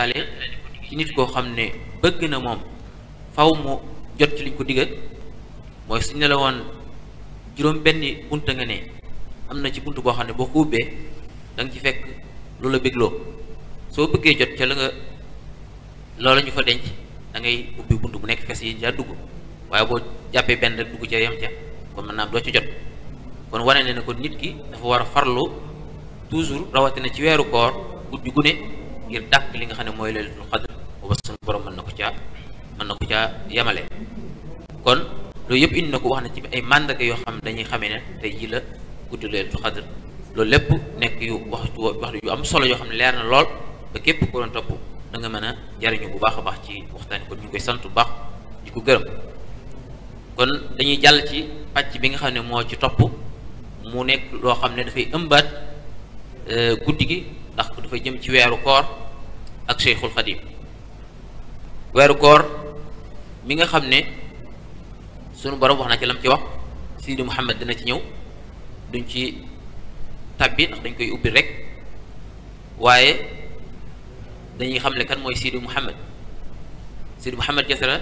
taaliq ci nit koo xam ne bëgg na moom faw mu jot ci liñ ko digal mooy suñ ne la woon juróom benni bunt nga ne am na ci bunt boo xam ne boo ko ubbee da nga ci fekk loola bégloo soo bëggee jot ca la nga loola ñu fa denc da ngay ubbi bunt bu nekk fes yi ja dugg waaye boo jàppee benn rek dugg ca yem ca kon mën naa doo ci jot kon wane ne ne ko nit ki dafa war a farlu toujours rawatina ci weeru koor guddi gu ngir dàq li nga xam ne mooy laylatul xadr booba suñu borom mën na ko caa mën na ko caa yamale kon loolu yëpp indi na ko wax na ci ay màndarga yoo xam dañuy xamee ne tey jii la guddi laylatul xadr lépp nekk yu wax yu am solo yoo xam ne leer na lool ba képp ku doon topp da nga mën a jariñu bu baax a baax ci waxtaan kon ñu ngi koy sant bu baax di ko gërëm kon dañuy jàll ci pàcc bi nga xam ne moo ci topp mu nekk loo xam ne dafay ëmbaat euh, guddi gi ndax dafay jëm ci weeru koor ak Cheikhul Xadim weeru koor mi nga xam ne sunu borom wax na ci lam ci wax Sidi Muhammad dina ci ñëw duñ ci tàbbi ndax dañ koy ubbi rek waaye dañuy xam ne kan mooy Sidi Muhammad Sidi Muhammad Jasara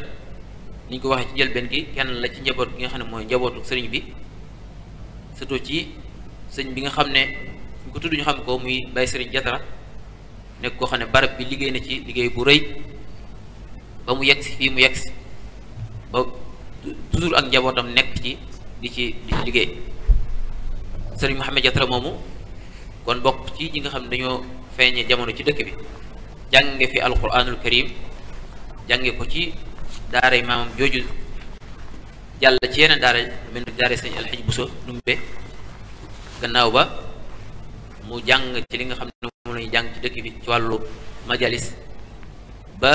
ni ñu ko waxee ci njëlbeen gi kenn la ci njaboot bi nga xam ne mooy njabootu sëriñ bi surtout ci sëñ bi nga xam ne ñu ko tudd ñu xam ko muy Baye Sëriñ Jasara nekk koo xam ne barab bi liggéey na ci liggéey bu rëy ba mu yegg si fii mu yegg si ba toujours ak njabootam nekk ci di ci liggéey ci liggéey sëriñ Mouhamed Diatara moomu kon bokk ci ñi nga xam ne dañoo feeñe jamono ci dëkk bi jànge fi alquranul karim jànge ko ci daaray maamam jooju jàll ci yeneen daara mel ni daara sëñ Alxaj Buso Ndumbe gannaaw ba mu jàng ci li nga xam ne moom lañuy jàng ci dëkk bi ci wàllu majalis ba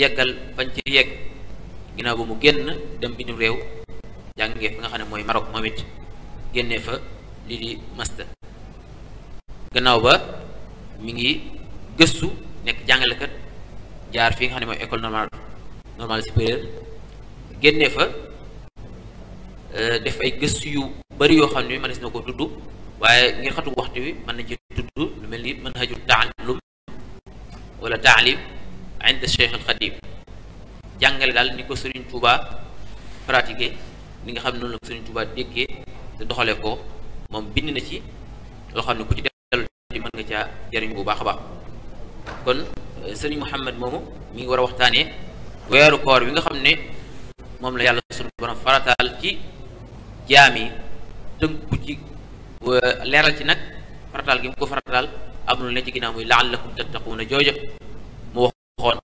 yeggal fañ ci yegg ginnaaw ba mu génn dem bitim réew jàngee fi nga xam ne mooy Maroc moom it génnee fa lii di master gannaaw ba mu ngi gëstu nekk jàngalekat jaar fi nga xam ne mooy école normale normale supérieure génnee fa euh, def ay gëstu yu bari yoo xam ne mënees na ko tudd waaye ngir xatu waxtu wi mën na ci tudd lu mel ni mën manhaju taalum wala taalim inda Cheikh al Xadim jàngale daal ni ko Sëriñ Tuuba pratiqué ni nga xam noonu la ko Sëriñ Tuuba déggee te doxalee ko moom bind na ci loo xam ne ku ci def di mën nga caa jëriñ bu baax a baax kon euh, Sëriñ Muhammad moomu mi ngi war a waxtaanee weeru koor bi nga xam ne moom la yàlla sunu borom farataal ci jaam yi tënku ci Euh, leeral ci nag farataal gi mu ko farataal am lu ne ci ginnaaw muy laallakum la jooja mu waxoon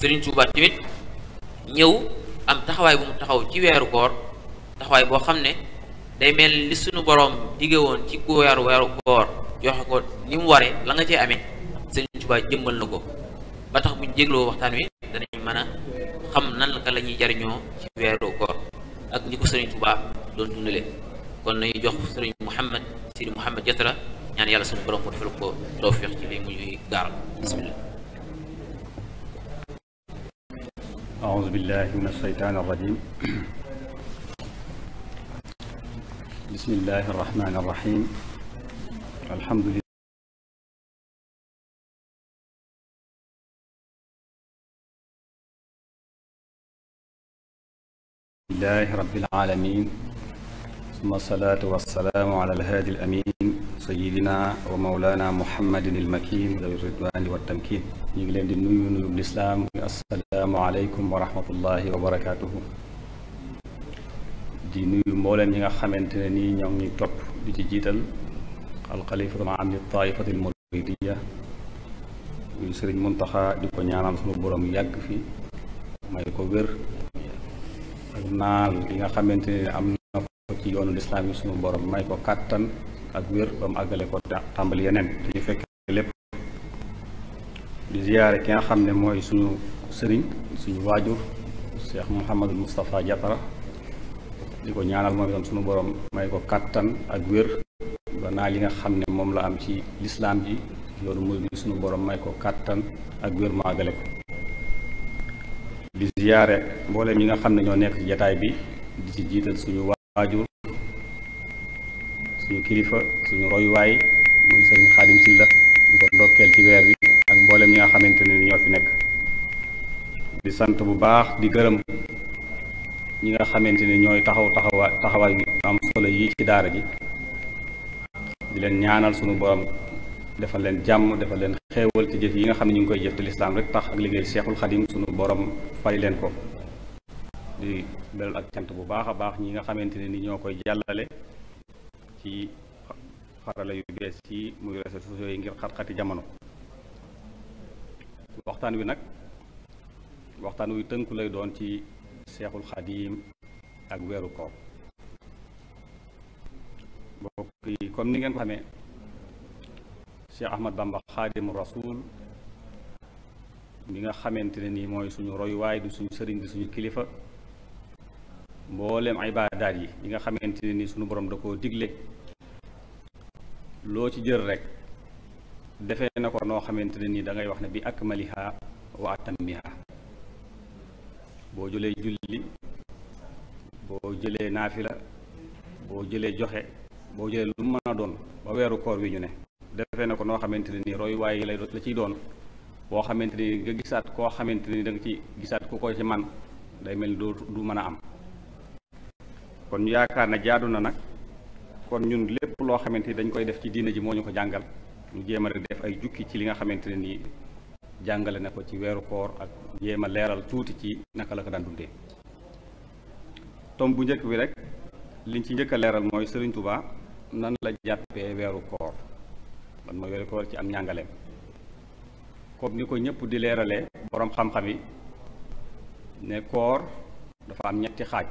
Sëriñ Tuubaa tamit ñëw am taxawaay bu mu taxaw ci weeru koor taxawaay boo xam ne day mel li sunu boroom dige woon ci ku weeru weeru koor joxe ko ni mu ware la nga cee amee Sëriñ Tuubaa jëmmal na ko ba tax buñ jégloo waxtaan wi danañ mën a xam nan la ka la ñuy jariñoo ci weeru koor ak ñi ko Sëriñ Tuubaa doon dundale kon nañu jox sëriñ Mouhamed Sidi Mouhamed Jatra ñaan yàlla suñu borom mu defal ko tawfiq ci lii mu ñuy gaaral bismillah أعوذ بالله من الشيطان الرجيم بسم الله الرحمن الرحيم الحمد لله لله رب العالمين suma salaatu wassalaamu ala alhaadi alamin sayidina wa mawlana muhammadin almakin dawi ridwani wa tamkin ñu ngi leen di nuyu nuyu lislaam assalaamu aleykum wa rahmatullahi wa barakaatuhu di nuyu mbooleem ñi nga xamante ne nii ñoom ñu topp di ci jiital alxalifatul am li taaifatil muridiya muy sëriñ muntaxa di ko ñaanal sunu borom yàgg fi may ko wér ak naal li nga xamante ne am ci yoonu lislaam yi sunu borom may ko kàttan ak wér ba mu àggale ko tàmbali yeneen te ñu fekk lépp di ziyaare ki nga xam ne mooy suñu sëriñ suñu waajur Cheikh Mouhamadou Moustapha Diatara di ko ñaanal moom itam borom may ko kàttan ak wér ba li nga xam ne moom la am ci lislaam ji yoonu muy bi sunu borom may ko kàttan ak wér mu àggale ko di ziyaare mboolem ñi nga xam ne ñoo nekk jataay bi di ci jiital suñu waajur suñu kilifa suñu royuwaay muy sëriñ xaadim silla di ko ndokkeel ci weer wi ak mbooleem ñi nga xamante ni ñoo fi nekk di sant bu baax di gërëm ñi xamante ne ñooy taxaw taxawaay taxawaay yu am solo yi ci daara ji di leen ñaanal suñu borom defal leen jàmm defal leen xeewal ci jëf yi nga xam ne ñu ngi koy jëf te lislaam rek tax ak liggéey seexul xadim suñu borom fay leen ko di beral ak cant bu baax a baax ñi nga xamante ne ni ñoo koy jàllale ci xarala yu bees yi muy réseaux sociaux yi ngir xat-xati jamono waxtaan wi nag waxtaan wi tënku lay doon ci seexul xadiim ak weeru koor mbokk yi comme ni ngeen ko xamee Cheikh Ahmad Bamba xaadimu rasul mi nga xamante ne nii mooy suñu royuwaay di suñu sëriñ di suñu kilifa ay mboolem ibaadaat yi yi nga xamante ne ni sunu borom da koo digle loo ci jël rek defe na ko noo xamante ne ni da ngay wax ne bi akmaliha wa atammiha boo jëlee julli boo jëlee naafila boo jëlee joxe boo jëlee lu mu mën a doon ba weeru koor wi ñu ne defee na ko noo xamante ne nii roy waaye la ciy doon boo xamante ni nga gisaat koo xamante ni da nga ci gisaat ku ko ci man day mel ni du mën a am kon ñu yaakaar ne jaadu na nag kon ñun lépp loo xamante ni dañ koy def ci diine ji moo ñu ko jàngal ñu jéem a def ay jukki ci li nga xamante ne nii jàngale na ko ci weeru koor ak jéem a leeral tuuti ci naka la ko daan dundee tom bu njëkk bi rek li ci njëkk leeral mooy Sëriñ Tuubaa nan la jàppee weeru koor man mooy weeru koor ci am njàngaleem comme ni ko ñëpp di leerale boroom xam-xam yi ne koor dafa am ñetti xaaj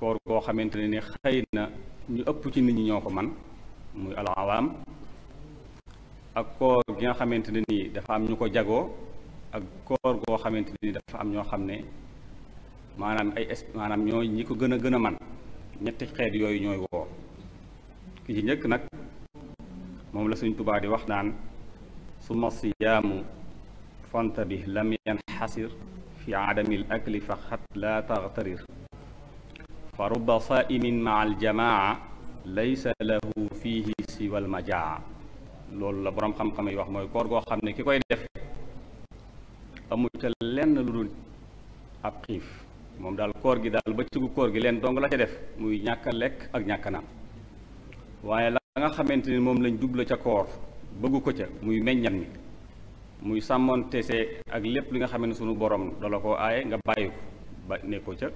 koor koo xamante ne ni xëy na ñu ëpp ci nit ñi ñoo ko man muy alawaam ak koor gi nga xamante ne nii dafa am ñu ko jagoo ak koor goo xamante ni dafa am ñoo xam ne maanaam ay maanaam ñooy ñi ko gën a gën a man ñetti xeet yooyu ñooy woo ki ci njëkk nag moom la suñ tubaa di wax naan summa siyaamu fantabih lam yanxasir fi adamil akli fa xat laa taxtarir fa rubba saaimin maa aljamaa laysa lahu fihi siwa almajaa loolu la boroom xam-xam yi wax mooy koor goo xam ne ki koy def amu ca lenn lu dul ab xiif moom daal koor gi daal bëccëgu koor gi leen dong la ca def muy ñàkk lekk ak ñàkk a naan waaye la nga xamante ni moom lañ jubla ca koor bëggu ko ca muy meññan mi muy sàmmoon tese ak lépp li nga xam ne sunu borom dala ko aaye nga bàyyi ko ba ne ca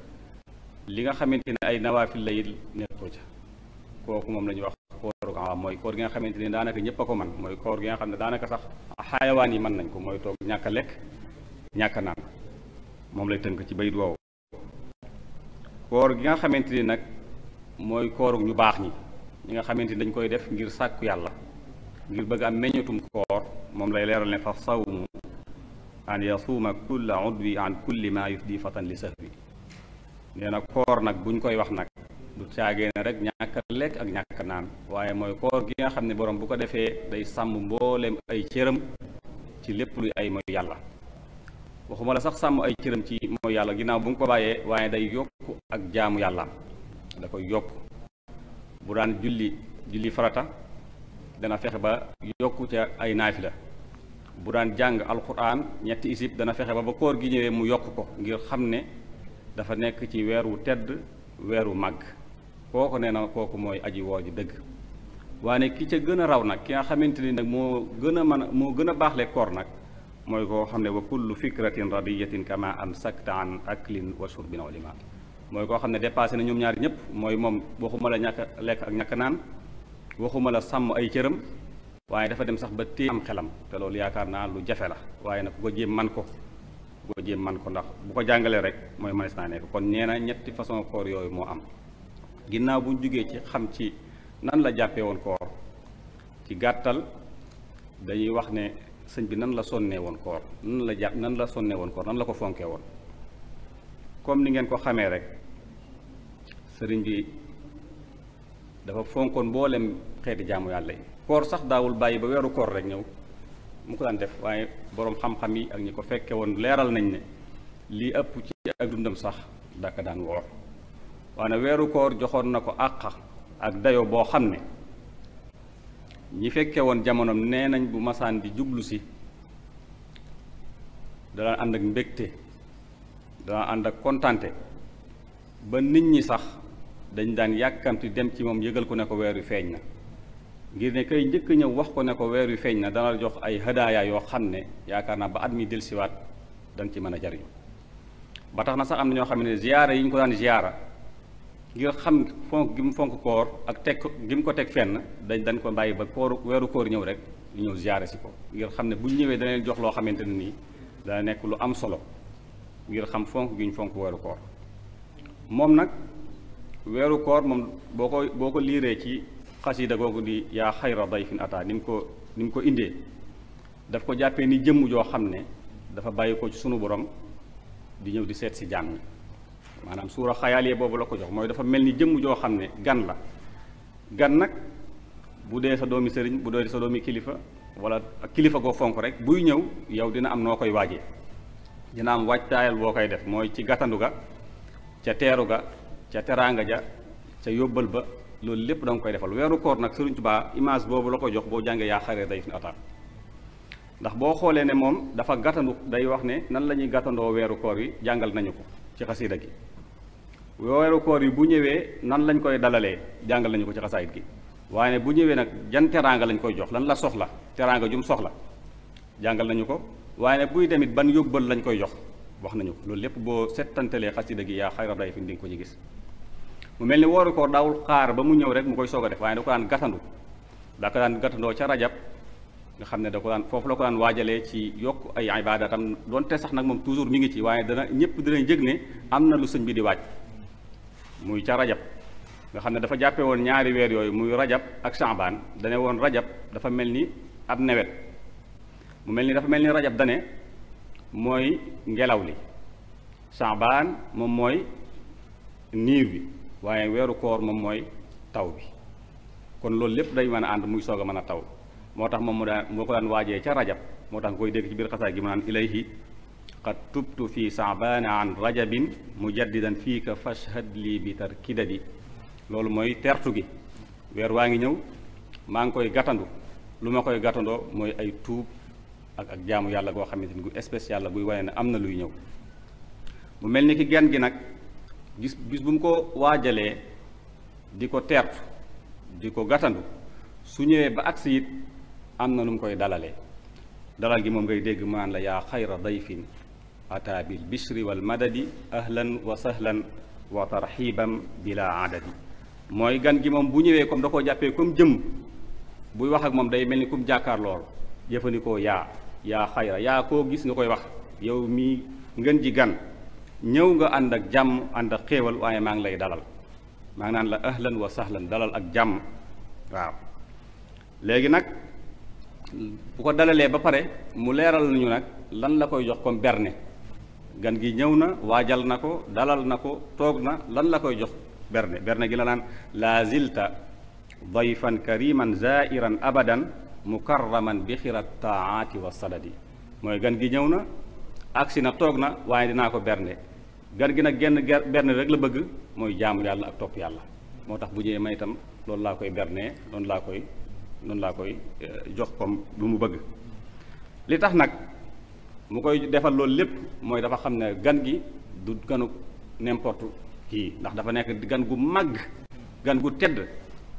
li nga xamante ne ay nawaafil la it nekkoo ca kooku moom la ñuy wax kooru am ah, mooy koor gi nga xamante ne daanaka ñëpp a ko man mooy koor gi nga xam ne daanaka sax xaayawaan yi mën nañ ko mooy toog lekk ñàkk a moom lay tënk ci bayit woowu gi nga xamante ni nag mooy kooru ñu baax ñi ñi nga xamante ni dañ koy def ngir sàkku yàlla ngir bëgg am meññatum koor moom lay leeral ne fa sawmu an yasuuma kulla udwi an kulli ma yufdi fatan li sahwi nee na koor nag buñ koy wax nag du caagee ne rek ñàkk lekk ak ñàkk naan waaye mooy koor gi nga xam ne boroom bu ko defee day sàmm mbooleem ay cëram ci lépp luy ay mooy yàlla waxuma la sax sàmm ay cëram ci mooy yàlla ginnaaw bu nga ko bàyyee waaye day yokk ak jaamu yàlla da koy yokk bu daan julli julli farata dana fexe ba yokku ca ay la bu daan jàng alquran ñetti isib dana fexe ba ba koor gi ñëwee mu yokk ko ngir xam ne dafa nekk ci weer wu tedd weer wu mag kooku nee na kooku mooy aji woo ji dëgg ne ki ca gën a raw nag ki nga xamante ni nag moo gën a mën a moo gën a baaxle koor nag mooy koo xam ne wa kullu fikratin radiyatin kama amsakta an aklin wa shurbin wa liman mooy koo xam ne dépassé na ñoom ñaari ñëpp mooy moom waxuma la ñàkk lekk ak ñàkk naan waxuma la sàmm ay cëram waaye dafa dem sax ba téye am xelam te loolu yaakaar naa lu jafe la waaye nag ku ko jéem man ko boo jéem man ko ndax bu ko jàngalee rek mooy manis naa kon nee na ñetti façon koor yooyu moo am ginnaaw bu ñu jugee ci xam ci nan la jàppee woon koor ci gàttal dañuy wax ne sëñ bi nan la sonnee woon koor nan la jàpp nan la sonnee woon koor nan la ko fonkee woon comme li ngeen ko xamee rek sëriñ bi dafa fonkoon mboolem xeeti jaamu yàlla yi koor sax daawul bàyyi ba weeru koor rek ñëw mu ko daan def waaye boroom xam-xam yi ak ñi ko fekke woon leeral nañ ne lii ëpp ci ak dundam sax daka daan woor waane weeru koor joxoon na ko àq ak dayo boo xam ne ñi fekke woon jamonom nee nañ bu masaan di jublu si dana ànd ak mbégte dana ànd ak kontante ba nit ñi sax dañ daan yàkkamti dem ci moom yëgal ko ne ko weer wi feeñ na ngir ne kay njëkk ñëw wax ko ne ko weeru wi feeñ na dana jox ay hadaaya yoo xam ne yaakaar naa ba at mi dellusiwaat siwaat nga ci mën a jariñu ba tax na sax am na ñoo xam ne ziyaara yi ñu ko daan ziyaara ngir xam fonk gi mu fonk koor ak teg gi mu ko teg fenn dañ dañ ko bàyyi ba koor weeru koor ñëw rek ñëw ziyaara si ko ngir xam ne bu ñëwee dana jox loo xamante ne nii dana nekk lu am solo ngir xam fonk gi fonk weeru koor moom nag weeru koor moom boo ko boo ko liiree ci xasida googu di yaa xayra dayfin ataa ni mu ko ni mu ko indee daf ko jàppee ni jëmm joo xam ne dafa bàyyi ko ci sunu boroom di ñëw di seet si jaam maanaam suura xayaalee boobu la ko jox mooy dafa mel ni jëmm joo xam ne gan la gan nag bu dee sa doomi sëriñ bu dee sa doomi kilifa wala kilifa goo fonk rek buy ñëw yow dina am noo koy waajee dina am waajtaayal boo koy def mooy ci gàttandu ga ca teeru ga ca teraanga ja ca yóbbal ba loolu lépp danga koy defal weeru koor nag Sëriñ Tuubaa image boobu la ko jox boo jàngee yaa xaree day fi na ataak ndax boo xoolee ne moom dafa gàttandu day wax ne nan la ñuy gàttandoo weeru koor yi jàngal nañu ko ci xasiida gi weeru koor yi bu ñëwee nan lañ koy dalalee jàngal nañu ko ci xasaayit gi waaye bu ñëwee nag jan teraanga lañ koy jox lan la soxla teraanga jum soxla jàngal nañu ko waaye buy demit ban yóbbal lañ koy jox wax nañu ko loolu lépp boo settantelee xasiida gi yaa xayra day fi di ko ci gis mu mel ni wooru koor daawul xaar ba mu ñëw rek mu koy soog a def waaye da ko daan gàttandu daa ko daan gàttandoo ca rajab nga xam ne da ko daan foofu la ko daan waajalee ci yokk ay ibaadatam doonte sax nag moom toujours mi ngi ci waaye dana ñëpp danay jëg ne am na lu sëñ bi di waaj muy ca rajab nga xam ne dafa jàppe woon ñaari weer yooyu muy rajab ak saabaan dane woon rajab dafa mel ni ab nawet mu mel ni dafa mel ni rajab dane mooy ngelaw li saabaan moom mooy niir bi waaye weeru koor moom mooy taw bi kon loolu lépp day mën a ànd muy soog a mën a taw moo tax moom mu daan moo ko daan waajee ca rajab moo tax nga koy dégg ci biir xasaay gi mu naan ilayhi qad tubtu fi saabaana an rajabin mujaddidan fii ka fashhad lii bi tarkidadi loolu mooy tertu gi weer waa ngi ñëw maa ngi koy gàttandu lu ma koy gàttandoo mooy ay tuub ak ak jaamu yàlla goo xamante ni gu spécial la guy wane ne am na luy ñëw mu mel ni ki genn gi gis bis bu mu ko waajalee di ko teertu di ko gàttandu su ñëwee ba agsi it am na nu mu koy dalalee dalal gi moom ngay dégg mu naan la yaa xayra dayfin ataa bil bishri wal madadi ahlan wa sahlan wa tarxiban bila adadi mooy gan gi moom bu ñëwee comme da koo jàppee comme jëm buy wax ak moom day mel ni kum jàkkaar lool jëfandikoo yaa yaa xayra yaa koo gis nga koy wax yow mii ngeen ji gan ñëw nga ànd ak jàmm ànd ak xéewal waaye maa ngi lay dalal maa ngi naan la ahlan wa sahlan dalal ak jàmm waaw léegi nag bu ko dalalee ba pare mu leeral nañu nag lan la koy jox comme berne gan gi ñëw na waajal na ko dalal na ko toog na lan la koy jox berne berne gi la naan laa zilta dayfan kariman zairan abadan mukarraman bi xirat taaati wa sadadi mooy gan gi ñëw na agsi na toog na waaye dinaa ko bernde gan gi nag genn berne rek la bëgg mooy jaamu yàlla ak topp yàlla moo tax bu ñëwee may itam loolu laa koy bernee noonu laa koy noonu laa koy eh, jox comme lu mu bëgg li tax nag mu koy defal loolu lépp mooy dafa xam ne gan gi du ganu n'importe kii ndax dafa nekk gan gu màgg gan gu tedd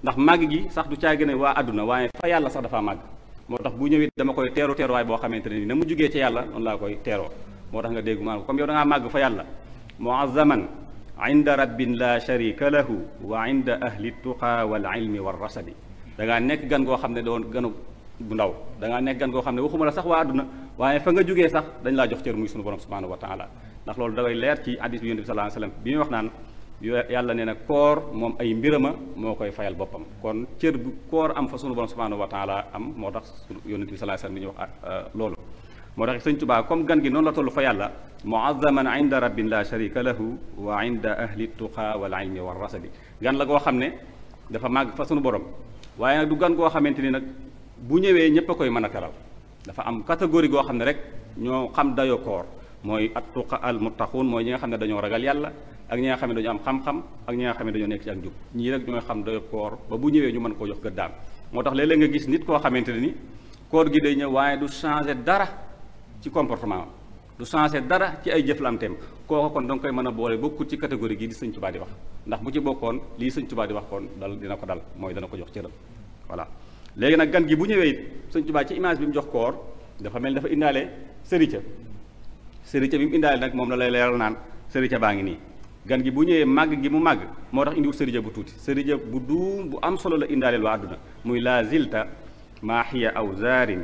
ndax màgg gi sax du caa gën a waa àdduna waaye fa yàlla sax dafa màgg moo tax bu ñëwee dama koy teeru teeruwaay boo xamante ne ni na mu jugee ci yàlla noonu laa koy teeroo moo tax nga dégg maanaam comme yow da màgg fa yàlla muazzaman inda rabbin la sharika lahu wa inda ahli tuqa wal ilmi war rasadi da ngaa nekk gan goo xam ne doon ganu bu ndaw da ngaa nekk gan goo xam ne waxuma la sax waa àdduna waaye fa nga jógee sax dañ laa jox cër muy sunu borom subhanahu wa taala ndax loolu daway leer ci hadis bi yonent bi sallallahu alayhi wasallam bi muy wax naan yàlla nee na koor moom ay mbirama moo koy fayal boppam kon cër bu koor am fa sunu borom subhanahu wa taala am moo tax sunu yonent bi sallallahu alayhi wasallam bi ñuy wax ah, moo tax sëñ Tuubaa comme gan gi noonu la toll fa yàlla muazzaman inda rabbin la sharika lahu wa inda ahli tuqa wal ilmi war rasadi gan la goo xam ne dafa màgg fa sunu borom waaye du gan goo xamante ni nag bu ñëwee ñëpp a koy mën a teral dafa am catégorie goo xam ne rek ñoo xam dayo koor mooy at tuqa al muttaquun mooy ñi nga xam ne dañoo ragal yàlla ak ñi nga xam ne dañu am xam-xam ak ñi xam ne dañoo nekk ci ak njub ñii rek ñooy xam dayo koor ba bu ñëwee ñu mën koo jox gëddaam moo koo xamante ne ni gi day ñëw waaye du changer dara ci comportement lu changé dara ci ay jëflanteem kooku kon da koy mën a boole bokkut ci catégorie gii di sëñ Tuubaa di wax ndax bu ci bokkoon lii sëñ Tuubaa di wax koon dal dina ko dal mooy dana ko jox cëram voilà léegi nag gan gi bu ñëwee it sëñ Tuubaa ci image bi mu jox koor dafa mel dafa indaale sërica sërica bi mu indaale nag moom la lay leeral naan sërica baa ngi nii gan gi bu ñëwee màgg gi mu màgg moo tax indiwul sërica bu tuuti sërica bu duum bu am solo la indaaleel àdduna muy la zilta maaxiya aw zaarin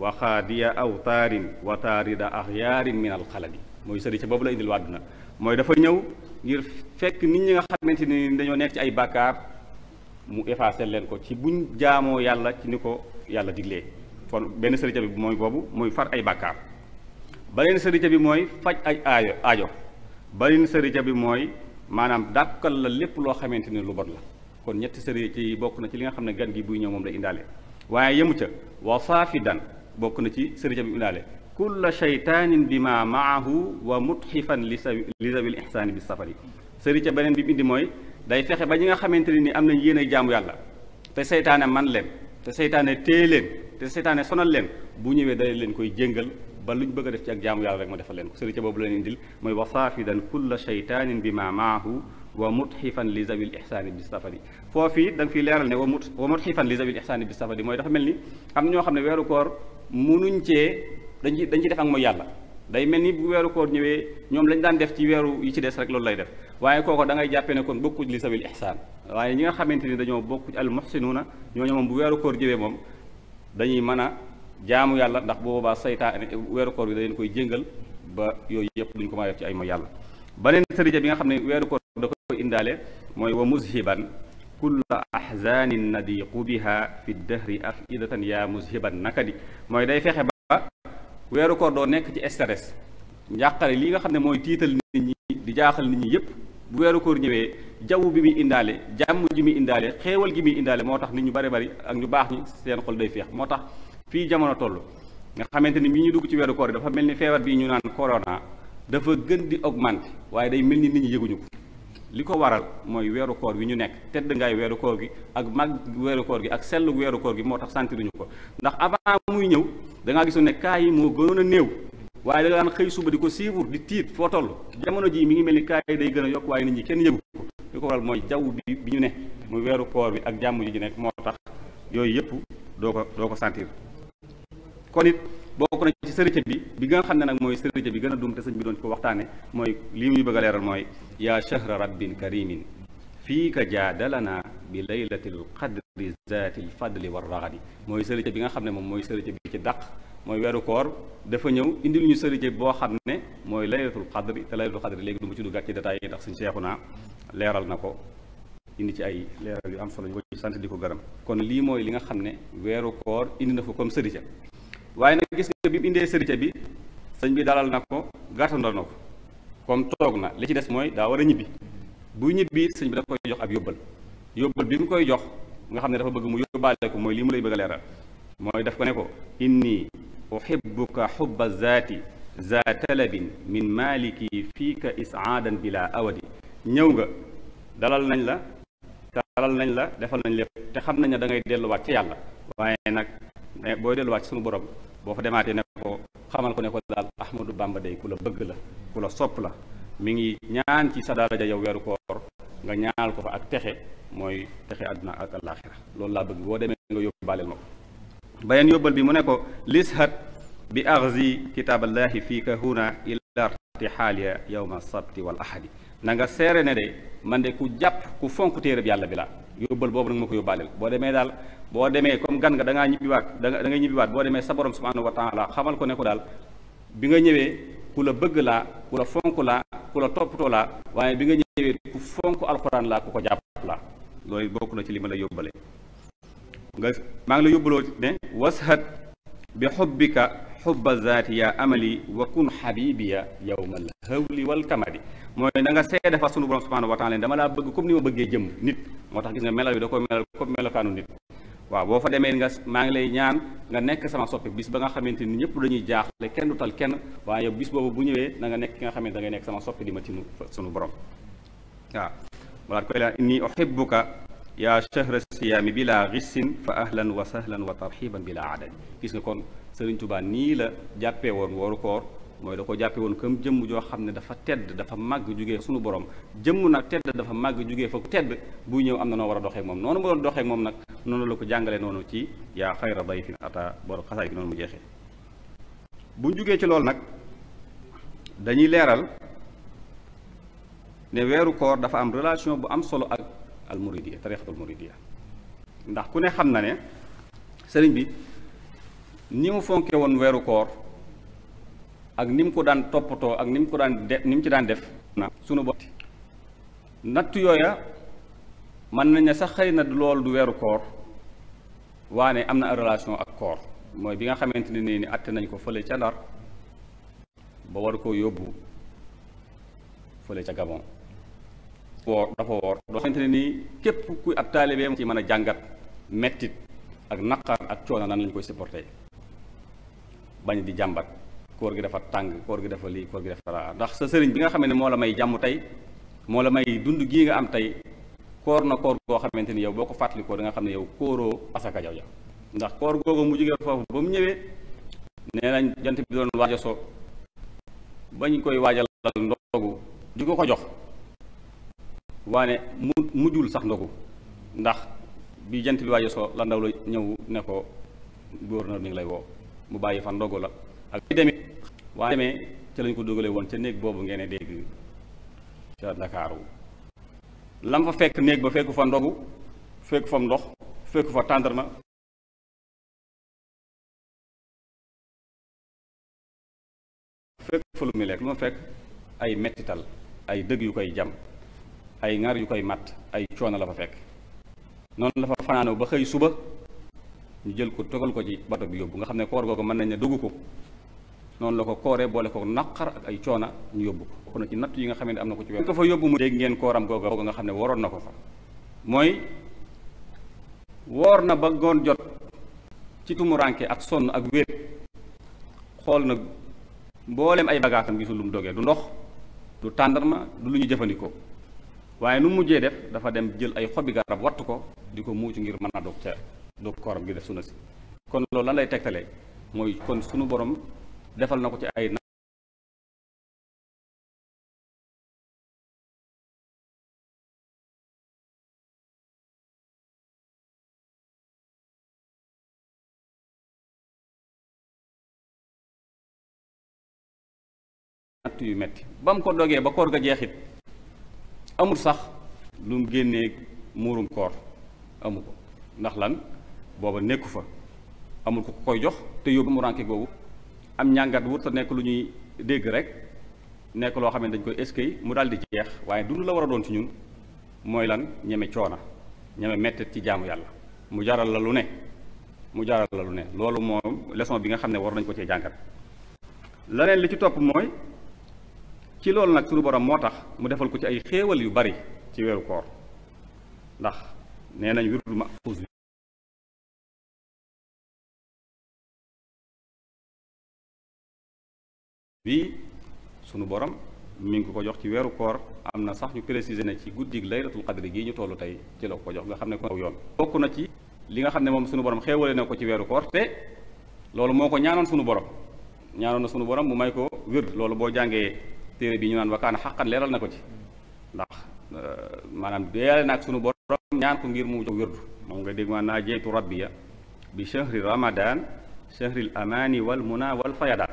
wa xaadiya aw taarin wa taarida axyaarin min alxalali mooy sëriñ boobu la indil wàdd na mooy dafa ñëw ngir fekk nit ñi nga xamante ni dañoo nekk ci ay bàkkaar mu effacé leen ko ci buñ jaamoo yàlla ci ni ko yàlla digle kon benn sëriñ bi mooy boobu mooy far ay bàkkaar beneen sëriñ bi mooy faj ay aajo aajo beneen sëriñ bi mooy maanaam dàkkal la lépp loo xamante ni lu bon la kon ñetti sëriñ yi bokk na ci li nga xam ne gan gi buy ñëw moom la indaale waaye yemu ca wa bokk na ci sëriñ bi indaale kulla shaytaanin bi ma maahu wa mutxifan li sa li zawil ihsaani bi safari sëriñ ca beneen bi mu indi mooy day fexe ba ñi nga xamante ne ni am nañ yéen ay jaamu yàlla te seytaane man leen te seytaane téye leen te seytaane sonal leen bu ñëwee day leen koy jéngal ba lu ñu bëgg a def ci ak jaamu yàlla rek ma defal leen ko sëriñ ca boobu la leen indil mooy wa saafidan kulla shaytaanin bi ma maahu wa mutxifan li zawil ihsaani bi safari foofii da nga fiy leeral ne wa mut wa mutxifan li zawil ihsaani bi safari mooy dafa mel ni am ñoo xam ne weeru koor munuñ cee dañ ci dañ ci def ak mooy yàlla day mel ni bu weeru koor ñëwee ñoom lañ daan def ci weeru yi ci des rek loolu lay def waaye kooko da ngay jàppee ne kon bokku li sabil ihsaan waaye ñi nga xamante ni dañoo bokku al ñoo ñooñu moom bu weeru koor ñëwee moom dañuy mën a jaamu yàlla ndax boobaa saytaan weeru koor bi da leen koy jëngal ba yooyu yëpp luñ ko mën a def ci ay mooy yàlla beneen sërija bi nga xam ne weeru koor da koy indaale mooy wa muzhiban kulla ahzanin nadiqu biha fi dahri afidatan yaa muzhiban di mooy day fexe ba weeru koor doo nekk ci stress njàqare li nga xam ne mooy tiital nit ñi di jaaxal nit ñi yépp bu weeru koor ñëwee jaww bi muy indaale jàmm ji muy indaale xéewal gi muy indaale moo tax nit ñu bari bari ak ñu baax ñi seen xol day feex moo tax fii jamono toll nga xamante ni mii ñu dugg ci weeru koor dafa mel ni feebar bii ñu naan corona dafa gën di augmenter waaye day mel ni nit ñi yëguñu ko li ko waral mooy weeru koor wi ñu nekk tedd ngaay weeru koor gi ak mag weeru koor gi ak sellu weeru koor gi moo tax sentiruñu ko ndax avant muy ñëw danga ngaa gisoon ne kaa yi moo gënoon a néew waaye da nga daan xëy suba di ko suivre di tiit foo toll jamono jii mi ngi mel ni kaa yi day gën a yokk waaye nit ñi kenn yëgu ko li ko waral mooy jaww bi bi ñu ne mu weeru koor bi ak jàmm ji ji nekk moo tax yooyu yëpp doo ko doo ko sentir kon bokk na ci sërite bi bi nga xam ne nag mooy sërite bi gën a dum te sëñ bi doon ci ko waxtaane mooy lii muy bëgg a leeral mooy yaa chahra rabbin karimin fii ka jaadalana bi laylatil qadri zaatil fadli war raxadi mooy sërite bi nga xam ne moom mooy sërite bi ci dàq mooy weeru koor dafa ñëw lu ñu sërite boo xam ne mooy laylatul qadri te laylatul qadri léegi du ma ci duggaat ci détails yi ndax suñ seexu naa leeral na ko indi ci ay leeral yu am solo ñu ko ci sant di ko gërëm kon lii mooy li nga xam ne weeru koor indi na ko comme sërite waaye nag gis nga bi mu indee sërite bi sëñ bi dalal na ko gàttandal na ko comme toog na li ci des mooy daa war a ñibbi bu ñibbi it sëñ bi daf koy jox ak yóbbal yóbbal bi mu koy jox nga xam ne dafa bëgg mu yóbbaale ko mooy lii mu lay bëgga a leeral mooy daf ko ne ko inni uhibbuka hubba zaati za talabin min maliki fiika isaadan bila awadi ñëw nga dalal nañ la dalal nañ la defal nañ lépp te xam nañ ne da ngay delluwaat ci yàlla waaye nag eh, booy delluwaat suñu borom boo fa demaatee ne ko xamal ko ne ko daal Ahmadou Bamba day ku la bëgg la ku la sopp la mi ngi ñaan ci sa daraja yow weeru koor nga ñaanal ko fa ak texe mooy texe àdduna ak alaaxira loolu laa bëgg boo demee nga yóbbaaleel ma ko bayeen yóbbal bi mu ne ko lishat bi axzi kitaaballahi fii ka huna ila irtixaaliya yowma sabti wala ahadi na nga seere ne de man de ku jàpp ku fonk téereb yàlla bi la yóbbal boobu nag ma ko yóbbaaleel boo demee daal boo demee comme gan nga da ngaa ñibbiwaat da nga da nga boo demee sa borom subhanahu xamal ko ne ko daal bi nga ñëwee ku la bëgg laa ku la fonk laa ku la too laa waaye bi nga ñëwee ku fonk alxuraan laa ku ko jàpp la loolu bokk na ci li ma la yóbbale nga maa ngi la yóbbaloo ne washat bi ka xubba zaati yaa amali wa kun xabibiya yowmal hawli wal kamadi mooy na nga seede fa sunu borom subhanahu wa taala dama laa bëgg comme ni ma bëggee jëm nit moo tax gis nga melal bi da ko melal comme melokaanu nit waaw boo fa demee nga maa ngi lay ñaan nga nekk sama soppi bis ba nga xamante ni dañuy jaaxle kenn du kenn waaye bis boobu bu ñëwee na nga nekk ki nga xamante da ngay nekk sama soppi di ma tinu sunu borom waaw walaat koy laa inni yaa chahra siyaami bila gissin fa ahlan wa sahlan wa tarxiban bila adad gis nga kon Sëriñ Tuubaa nii la jàppee woon waru koor mooy da ko jàppee woon comme jëmm joo xam ne dafa tedd dafa màgg jugee sunu boroom jëm nag tedd dafa màgg jugee fa tedd buy ñëw am na noo war a doxee moom noonu mu doon doxee moom nag noonu la ko jàngale noonu ci yaa xayra dayfin ata borom xasaay gi noonu mu jeexee buñ jugee ci loolu nag dañuy leeral ne weeru koor dafa am relation bu am solo ak al muridiya tarixatul muridiya ndax ku ne xam na ne sëriñ bi ni mu fonke woon weeru koor ak ni mu ko daan toppatoo ak ni mu ko daan de ni mu ci daan def na sunu botti natt yooya mën nañ ne sax xëy na lool du weeru koor waane am na relation ak koor mooy bi nga xamante ni nii ni àtte nañ ko fële ca Ndar ba war koo yóbbu fële ca Gabon woor dafa woor doo xamante ne nii képp ku ab taalibeem ci mën a jàngat mettit ak naqar ak coono nan lañ koy supporté bañ di jàmbat koor gi dafa tàng koor gi dafa lii koor gi dafa raa ndax sa sëriñ bi nga xamee ne moo la may jàmm tey moo la may dund gii nga am tey koor na koor goo xamante ni yow boo ko fàttalikoo da nga xam ne yow kóoroo asaka jaw ja ndax koor googu mu jógee foofu ba mu ñëwee nee nañ jant bi doon waaja soo bañ koy waajal ndogu ju ko ko jox waane mu mujjul sax ndogu ndax bi jant bi waajo so landaw la ñëw ne ko gouverneur mi ngi lay woo mu bàyyi fa ndogu la ak i demee waa demee ca lañ ko dugale woon ca néeg boobu ngeen dégg ca Ndakaaru lam fa fekk néeg ba fekku fa ndogu fekku fa ndox fekku fa tàndarma fekk fa lu ma fekk ay mettital ay dëgg yu koy jam ay ngar yu koy matt ay coono la fa fekk noonu la fa fanaanoo ba xëy suba ñu jël ko togal ko ci bato bi yóbbu nga xam ne koor googu mën nañ ne dugg ko noonu la ko kooree boole ko naqar ak ay coona ñu yóbbu ko na ci natt yi nga xam ne am na ko ci wér ko fa yóbbu mu dégg ngeen kooram googa googa nga xam ne waroon na ko fa mooy woor na ba ngoon jot ci tumuranke ak sonn ak wéet xool nag mbooleem ay bagaasam gisul lu mu dogee du ndox du tàndarma du lu ñu jëfandikoo waaye nu mujjee def dafa dem jël ay xobi garab wattu ko di ko muucu ngir mën a dog ca dog kooram gi def suna si kon loolu lan lay tegtalee mooy kon sunu borom defal na ko ci ay natt yu metti ba mu ko dogee ba koor ga jeexit amul sax lu mu génnee muurum koor amu ko ndax lan booba nekku fa amul ko koy jox te yóbbu mu rànke googu am ñàngat wut te nekk lu ñuy dégg rek nekk loo xam ne dañ koy eskay mu daal di jeex waaye dund la war a doon ci ñun mooy lan ñeme coona ñeme metteet ci jaamu yàlla mu jaral la lu ne mu jaral la lu ne loolu moom leçon bi nga xam ne war nañ ko cee jàngat leneen li ci topp mooy ci loolu nag suñu borom moo tax mu defal ko ci ay xéewal yu bari ci weeru koor ndax nee nañ wirdu maxfuus bi sunu borom mi ngi ko jox ci weeru koor am na sax ñu préciser ne ci guddi lay laylatul qadri gi ñu tollu tey ci la ko jox nga xam ne ko yoon bokk na ci li nga xam ne moom sunu borom xéewale na ko ci weeru koor te loolu moo ko ñaanoon sunu borom ñaanoon na sunu borom mu may ko wird loolu boo jàngee téere bi ñu naan wakkaan xaqan leeral na ko ci ndax euh, maanaam deyaale na ak sunu borom ñaan ko ngir mu jox wérdu moom nga dégg ma naa jeytu rabbiya bi chahri ramadan chahril amaani wal muna wal fayadaan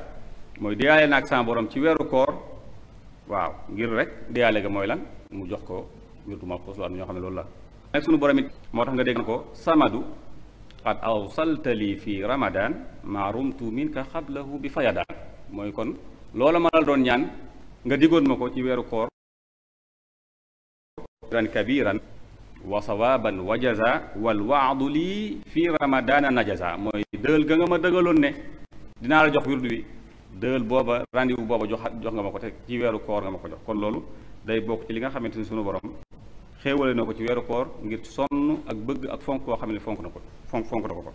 mooy deyaale na ak sama borom ci weeru koor waaw ngir rek deyaale ga mooy lan mu jox ko wérdu ma xuus ñoo xam ne loolu la nag sunu moo tax nga dégg ko samadu qad aw li fi ramadan maarumtu minka xablahu bi fayadaan mooy kon loola ma la doon ñaan nga digoon ma ko ci weeru koor ran kabiran wa sawaban wa jaza wal waadu lii fi ramadana najaza mooy dëgal ga nga ma dëgaloon ne dinaa la jox wirdu wi dëgal booba rendez-vous booba jox jox nga ma ko te ci weeru koor nga ma ko jox kon loolu day bokk ci li nga xamante ni sunu borom xéewale na ko ci weeru koor ngir sonn ak bëgg ak fonk koo xam ne fonk na ko fonk fonk na ko ko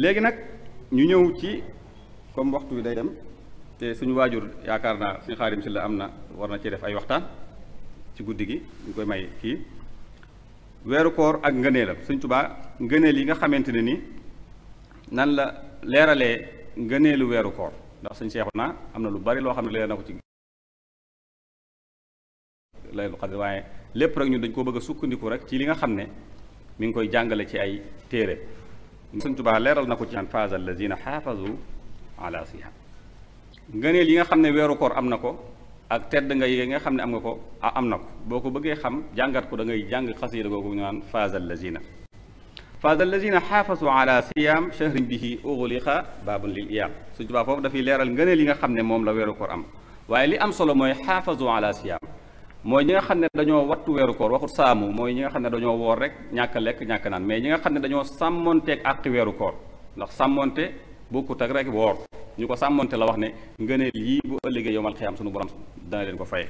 léegi nag ñu ñëw ci comme waxtu wi day dem te suñu waajur yaakaar naa suñu xaarim si la am na war na ci def ay waxtaan ci guddi gi ñu koy may kii weeru koor ak ngëneelam suñ tubaa ngëneel yi nga xamante ne ni nan la leeralee ngëneelu weeru koor ndax suñ seexu naa am na lu bari loo xam ne leer na ko ci laylu xadr waaye lépp rek ñun dañ ko bëgg a sukkandiku rek ci li nga xam ne mi ngi koy jàngale ci ay téere suñ tubaa leeral na ko ci naan faazal lazina xaafazu ala siha ngëneel yi nga xam ne weeru koor am na ko ak tedd nga yi nga xam ne am nga ko ah, am na ko boo ko bëggee xam jàngat ko da ngay jàng xasiida googu ñu naan faaza allazina faaza allazina xaafasu ala siyaam shahrin bihi ughliqa baabun lil iyaam su jubaa foofu dafay leeral ngëneel yi nga xam ne moom la weeru koor am waaye li am solo mooy xaafasu ala siyaam mooy ñi nga xam ne dañoo wattu weeru koor waxut saamu mooy ñi nga xam ne dañoo woor rek ñàkk lekk ñàkk naan mais ñi nga xam ne dañoo sàmmonteeg àqi weeru koor ndax sàmmonte bokkut ak rek woor ñu ko sàmmoonte la wax ne ngëneel yii bu ëllëgee yowmal xiyaam sunu borom dana leen ko faye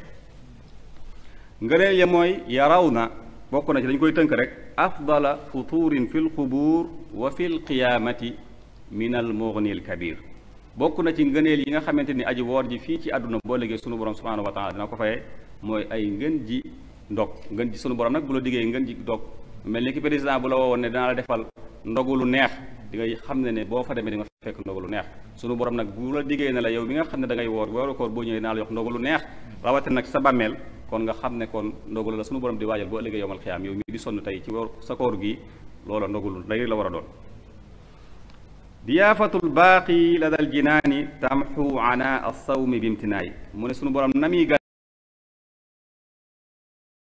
ngëneel ya mooy yaraw na bokk na ci dañ koy tënk rek afdala futurin fil qubuur wa fil qiyaamati minal mughnil kabir bokk na ci ngëneel yi nga xamante ni aji woor ji fii ci àdduna boo liggéey sunu borom subhanahu wa taala ko fayee mooy ay ngën ji ndog ngën ji sunu borom nag bu la diggee ngën ji ndog mel ni ki président bu la woowoon ne defal ndogu lu neex di xam ne ne boo fa demee di nga fekk lu neex sunu borom nag bu la diggee ne la yow bi nga xam ne da woor weeru koor boo ñëwee naa la yox ndogalu neex rawate nag sa bàmmeel kon nga xam ne kon ndogalu la sunu borom di waajal boo ëllëgee yowmal xiyaam tey ci woor sa koor gi loola ndogalu day la war a doon diyaafatul baaqi la dal jinaani tamxu ana alsawmi bi imtinaay mu ne sunu borom na muy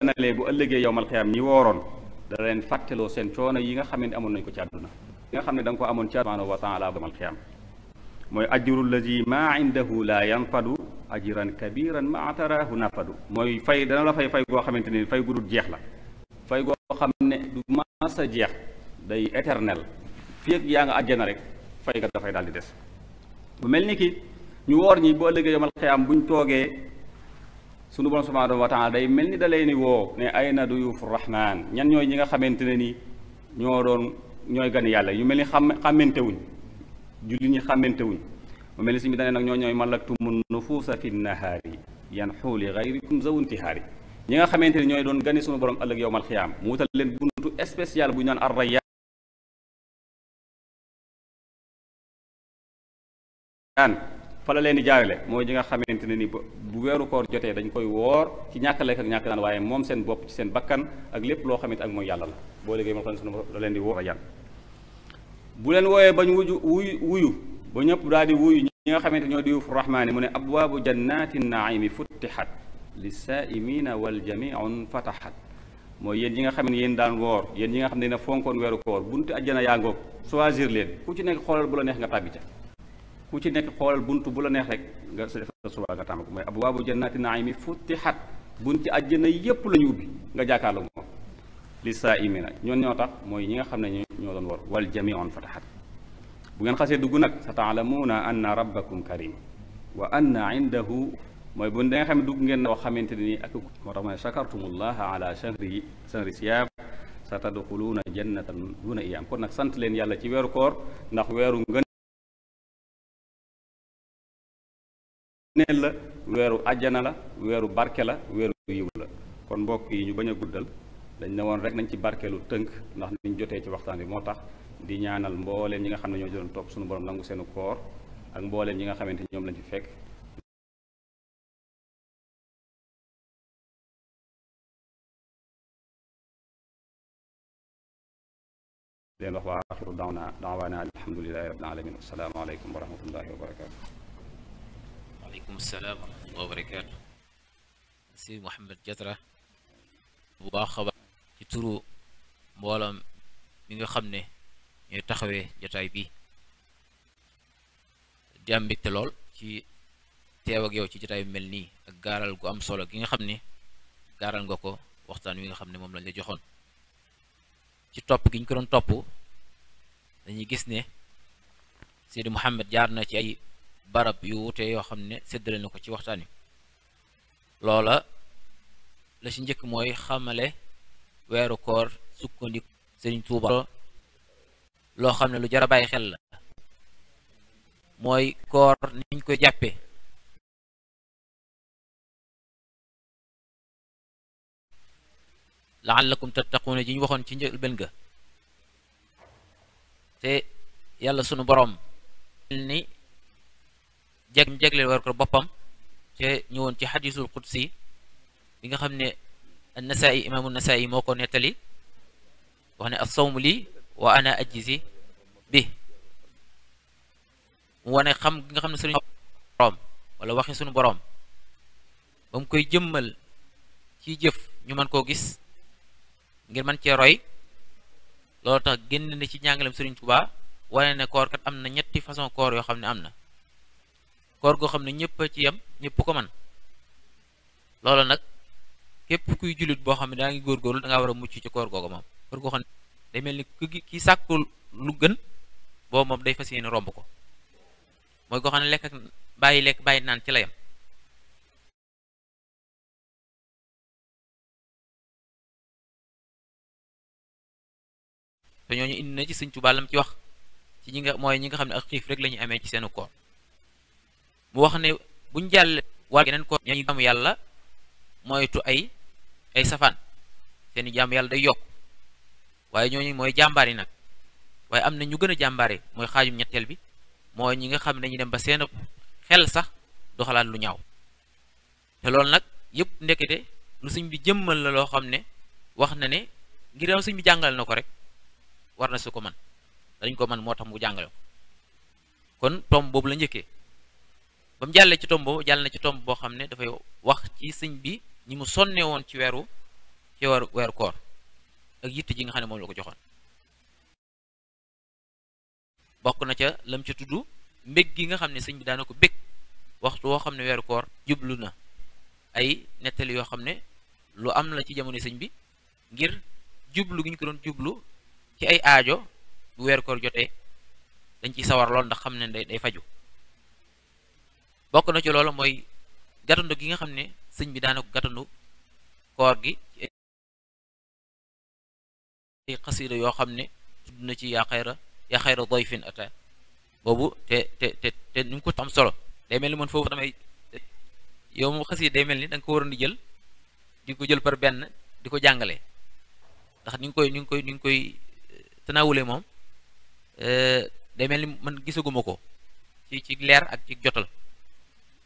ganalee bu ëllëgee yowmal xiyaam ñi wooroon da leen fàtteloo seen coono yi nga xamee xamante amoon nañ ko ci àdduna nga xam ne da nga ko amoon ci subhaanahu wa taala ma mal xiyaam mooy ajru lazi maa indahu laa yanfadu ajran kabiran maa taraahu nafadu mooy fay dana la fay fay goo xamante ni fay gudul jeex la fay goo xam ne du mas a jeex day éternel fii ak yaa nga àjjana rek fay ga dafay dal di des bu mel ni ki ñu woor ñi boo ëllëgee yomal xiyaam buñ toogee sunu borom subhaanahu wa taala day mel ni da leen ni woo ne ay na duyufu rahmaan ñan ñooy ñi nga xamante ne ñoo doon ñooy gan yàlla yu mel ni xam xàmmante wuñ julli ñi xàmmante wuñ mu mel ni suñu danee nag ñoo ñooy malaktumu nufuusa fi nahaari yan xuuli xayrikum zawintihaari ñi nga xamante ni ñooy doon gani suñu borom ëllëg yowmal xiyaam mu wutal leen buntu spécial bu ñu naan fa la leen di jaarale mooy ji nga xamante ne ni bu weeru koor jotee dañ koy woor ci ñàkk lekk ak ñàkk naan waaye moom seen bopp ci seen bakkan ak lépp loo xamante ak mooy yàlla la boo léegi moom sunu leen di woor yan bu leen wooyee bañ wuju wuyu wuyu ba ñëpp daal di wuyu nga xamante ñoo di yuuf rahmaani mu ne abwaabu jannati naimi futtixat li saaimina wal jamiun fataxat mooy yen ñi nga xam ne yéen daan woor yéen ñi nga xam ne na fonkoon weeru koor bunti ajjana yaa ngoog choisir leen ku ci nekk xoolal bu la neex nga tàbbi ku ci nekk xoolal bunt bu la neex rek nga sa defal subaa nga tàmbali ko mooy abwaabu jannaati naimi futtihat bunti àjjana yépp la ubbi nga jàkkaarloo moom li saa imina ñoon ñoo tax mooy ñi nga xam ne ñoo doon war wal jamion fatahat bu ngeen xasee dugg nag sa taalamuuna anna rabbakum karim wa anna indahu mooy bu da nga xam ne dugg ngeen noo xamante ne nii ak moo tax mooy chakartumullaha ala shahri shahri siyaab sa tadxuluuna jannatan duna iyaam kon nag sant leen yàlla ci weeru koor neen la weeru àjjana la weeru barke la weeru yiw la kon mbokk yi ñu bañ a guddal dañ ne woon rek nañ ci barkeelu tënk ndax niñ jotee ci waxtaan bi moo tax di ñaanal mbooleem ñi nga xam ne ñoo doon topp suñu borom nangu seenu koor ak mbooleem ñi nga xamante ñoom lañ ci fekk leen wax waa axiru daawana naa alhamdulilahi rabbil alamin assalaamu aleykum wa wa barakatu waaleykum salaam wa rahmatulah wa barakaatu si Mouhamed Diatra bu baax a ci turu mboolam mi nga xam ne ñooy taxawee jotaay bi di am mbégte lool ci teewak yow ci jotaay bi mel nii ak gaaral gu am solo gi nga xam ne gaaral nga ko waxtaan wi nga xam ne moom lañ la joxoon ci topp gi ñu ko doon topp dañuy gis ne Seydi Mouhamed jaar na ci ay. barab yu wutee yoo xam ne séddale na ko ci waxtaan wi loola la ci njëkk mooy xamale weeru koor sukkandiku sëriñ Tuuba loo xam ne lu jar a bàyyi xel la mooy koor niñ koy jàppe la tattaquuna ji ñu waxoon ci njëlbéen ga te yàlla sunu boroom ni jeg jegleel war ko boppam te ñëwoon ci xadisul qudsi bi nga xam ne annasaa'i imaamu nasaa'i moo ko nettali wax ne assawmu lii wa ana ajzi bi mu wane xam gi nga xam ne suñu boroom wala waxi suñu boroom ba mu koy jëmmal ci jëf ñu mën koo gis ngir mën cee roy loolu tax génn na ci njàngalem Sëriñ Tuubaa wane ne koor kat am na ñetti façon koor yoo xam ne am na koor goo xam ne ñëpp ci yem ñëpp ko man loolu nag képp kuy jullit boo xam ne daa ngi góor da danga war a mucc ci koor googu moom koor goo xam ne day mel ni ku ki sàkku lu gën boo moom day fas yéene romb ko mooy goo xam ne lekk ak bàyyi lekk bàyyi naan ci la yem te ñooñu indi na ci Sëñ Tuubaa lam ci wax ñi nga mooy ñi nga xam ne ak xiif rek la ñuy amee ci seenu koor mu wax ne buñ jàll wàll geneen ko ñañu jaamu yàlla moytu ay ay safaan seeni jaamu yàlla day yokk waaye ñooñu mooy jàmbaar yi nag waaye am na ñu gën a jàmbaare mooy xaajum ñetteel bi mooy ñi nga xam ne dañuy dem ba seen xel sax du xalaat lu ñaaw te loolu nag yépp ndekete lu sëñ bi jëmmal la loo xam ne wax na ne ngir am sëñ bi jàngal na ko rek war na su ko man dañ ko man moo tax mu jàngale ko kon tom boobu la njëkkee ba mu jàllee ci tomb jàll na ci tomb boo xam ne dafay wax ci sëñ bi ñi mu sonne woon ci weeru ci weeru weeru koor ak yitte ji nga xam ne moom la ko joxoon bokk na ca lam ca tudd mbég gi nga xam ne sëñ bi daana ko bég waxtu woo xam ne weeru koor jublu na ay nettali yoo xam ne lu am la ci jamono sëñ bi ngir jublu gi ñu ko doon jublu ci ay aajo bu weeru koor jotee dañ ci sawar lool ndax xam ne day day faju bokk na ci loolu mooy gatandu gi nga xam ne sëñ bi daana ko gatandu koor gi ay xasida yoo xam ne tudd na ci yaa xayra yaa xayra dayfin ata boobu te te te te mu ko am solo day mel ni man foofu damay yow moom xasida day mel ni da ko waroon di jël di ko jël par benn di ko jàngale ndax ni nga koy ni nga koy ni nga koy eh, tanaawule moom eh, day mel ni man gisaguma ko ci ci leer ak ci jotal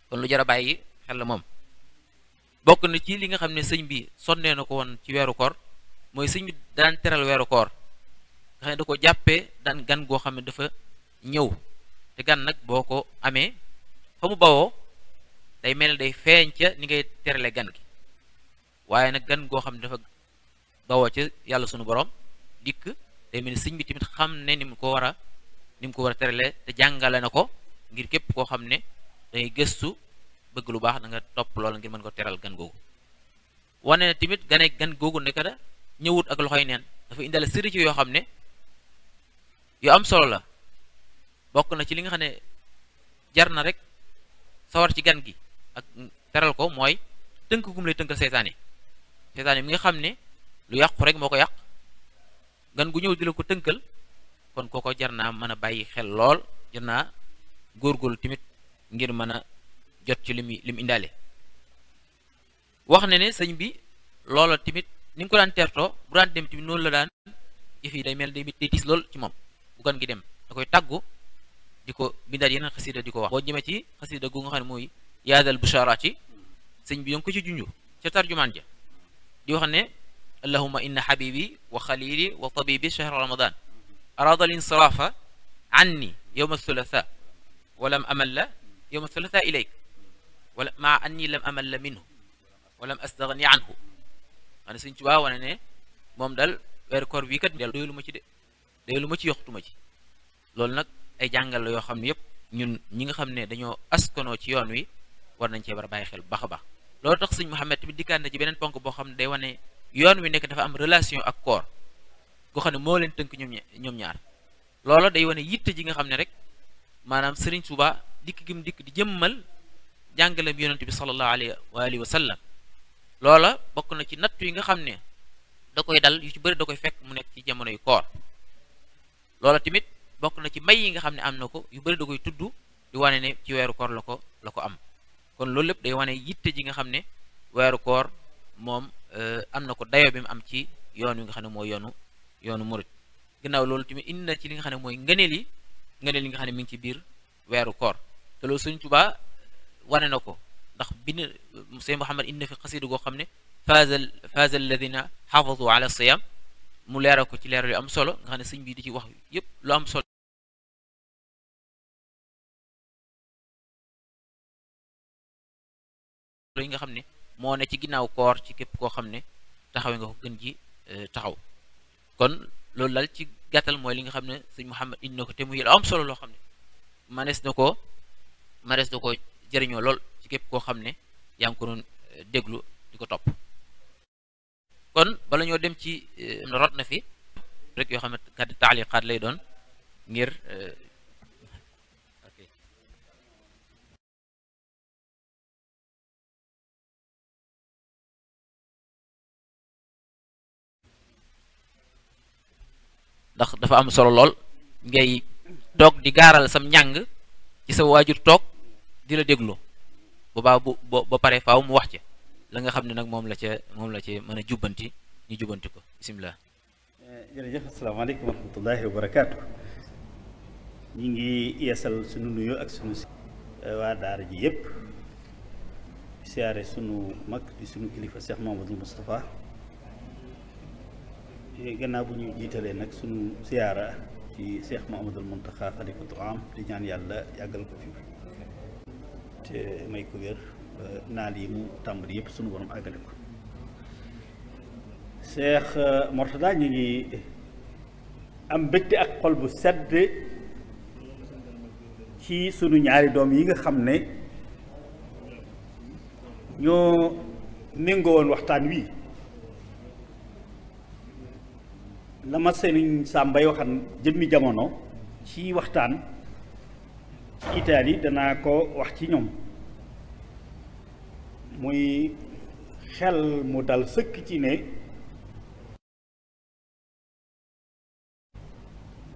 kon lu jar a bàyyi xel moom bokk na ci li nga xam ne sëñ bi sonnee na ko woon ci weeru koor mooy sëñ bi daan teral weeru koor nga xam ne da ko jàppee daan gan goo xam ne dafa ñëw te gan nag boo ko amee fa mu bawoo day mel ne day feeñ ca ni ngay terale gan gi waaye nag gan goo xam ne dafa bawoo ca yàlla sunu boroom dikk day mel ne sëñ bi tamit xam ne ni mu ko war a ni mu ko war a terale te jàngale na ko ngir képp koo xam ne dangay gëstu bëgg lu baax da topp loolu ngir mën ko teral gan googu wane ne tamit gane gan googu nekk da ñëwut ak loxoy neen dafa indale sëri ci yoo xam ne yu am solo la bokk na ci li nga xam ne jar na rek sawar ci gan gi ak teral ko mooy tënk gum lay tënkal seytaane seytaane mi nga xam ne lu yàqu rek moo ko yàq gan gu ñëw di la ko tënkal kon kooko jar naa mën a bàyyi xel lool jar naa góorgóorlu tamit ngir mën a jot ci li mu li mu indaale wax ne ne sëñ bi loola tamit ni nga ko daan teertoo bu daan dem tamit noonu la daan yëf yi day mel day tiis lool ci moom bu gan gi dem da koy tàggu di ko bindaat yeneen xasida di ko wax boo jëmee ci xasida gu nga xam ne mooy yaadal bushaaraat ci sëñ bi yo ngi ko ci junju ca tarjumaan ja di wax ne allahuma inna xabibi wa xalili wa tabibi shahra ramadan araada al insiraafa anni yowma thulatha walam amalla yowma thalatha ilayk wala maa anni lam amalla minhu walam astagni anhu maanaam Sëñ Tuubaa wane ne moom dal weeru koor bii kat del lu ma ci de lu ma ci yoxtuma ci loolu nag ay jàngal la yoo xam ne yëpp ñun ñi nga xam ne dañoo askanoo ci yoon wi war nañ cee war a bàyyi xel baax a baax loolu tax Sëñ Muhammad tamit dikkaat na ci beneen ponk boo xam ne day wane yoon wi nekk dafa am relation ak koor goo xam ne moo leen tënk ñoom ñoom ñaar loola day wane yitte nga xam ne rek dikk gi dikk di jëmmal jàngale bi yonent bi sallallahu alayhi wa alihi wa sallam loola bokk na ci natt yi nga xam ne da koy dal yu ci bëri da koy fekk mu nekk ci jamono yu koor loola tamit bokk na ci may yi nga xam ne am na ko yu bari da koy tudd di wane ne ci weeru koor la ko la ko am kon loolu lépp day wane yitte ji nga xam ne weeru koor moom euh, am na ko dayoo bi mu am ci yoon wi nga xam ne mooy yoonu yoonu murit ginnaaw loolu tamit indi na ci li nga xam ne mooy ngëneel yi ngëneel yi nga xam ne mi ngi ci biir weeru koor te loolu sëñ Tuubaa wane na ko ndax bind sëñ Muhammad indi fi xasida goo xam ne faa faazal ladina xafazu ala siyam mu leeral ko ci leeral yu am solo nga ne sëñ bi di ci wax yépp lu am solo yi nga xam ne moo ne ci ginnaaw koor ci képp koo xam ne taxawe nga ko gën ji eh, taxaw kon loolu daal ci gàttal mooy li nga xam ne sëñ Muhammad indi na ko te muy lu am solo loo xam ne manees na ko mares da ko jëriñoo lool ci képp koo xam ne yaa ngi ko doon euh, déglu di ko topp kon bala ñoo dem ci euh, rot na fi yoo xam ne kàddu euh, ndax dafa am solo lool ngay toog di gaaral sam njàng ci sa waajur toog di la déglu bu baax bu ba pare faw mu wax ci la nga xam ne nag moom la ca moom la ci mën a jubbanti ñu jubbanti ko bisimilah. Eh, jërëjëf asalaamaaleykum wa rahmatullahi wa barakaatu ñi ngi yeesal sunu nuyoo ak sunu eh, waa daara ji yépp siyaare sunu mag di sunu kilifa Cheikh Mamadou Moustapha eh, gannaaw bu ñu jiitalee nag sunu siyaara ci Cheikh Mamadou Mountakha xalifatul am di ñaan yàlla yàggal ko fi. te may ko wér naal mu tàmbali yëpp sunu borom àggale ko Cheikh euh, Mourtada ñu ngi am mbégte ak xol bu sedd ci sunu ñaari doom yi nga xam ne ñoo méngoo woon waxtaan wi la ma seen sàmbay waxan jëmmi jamono ci waxtaan Italie danaa ko wax ci ñoom muy xel mu dal sëkk ci ne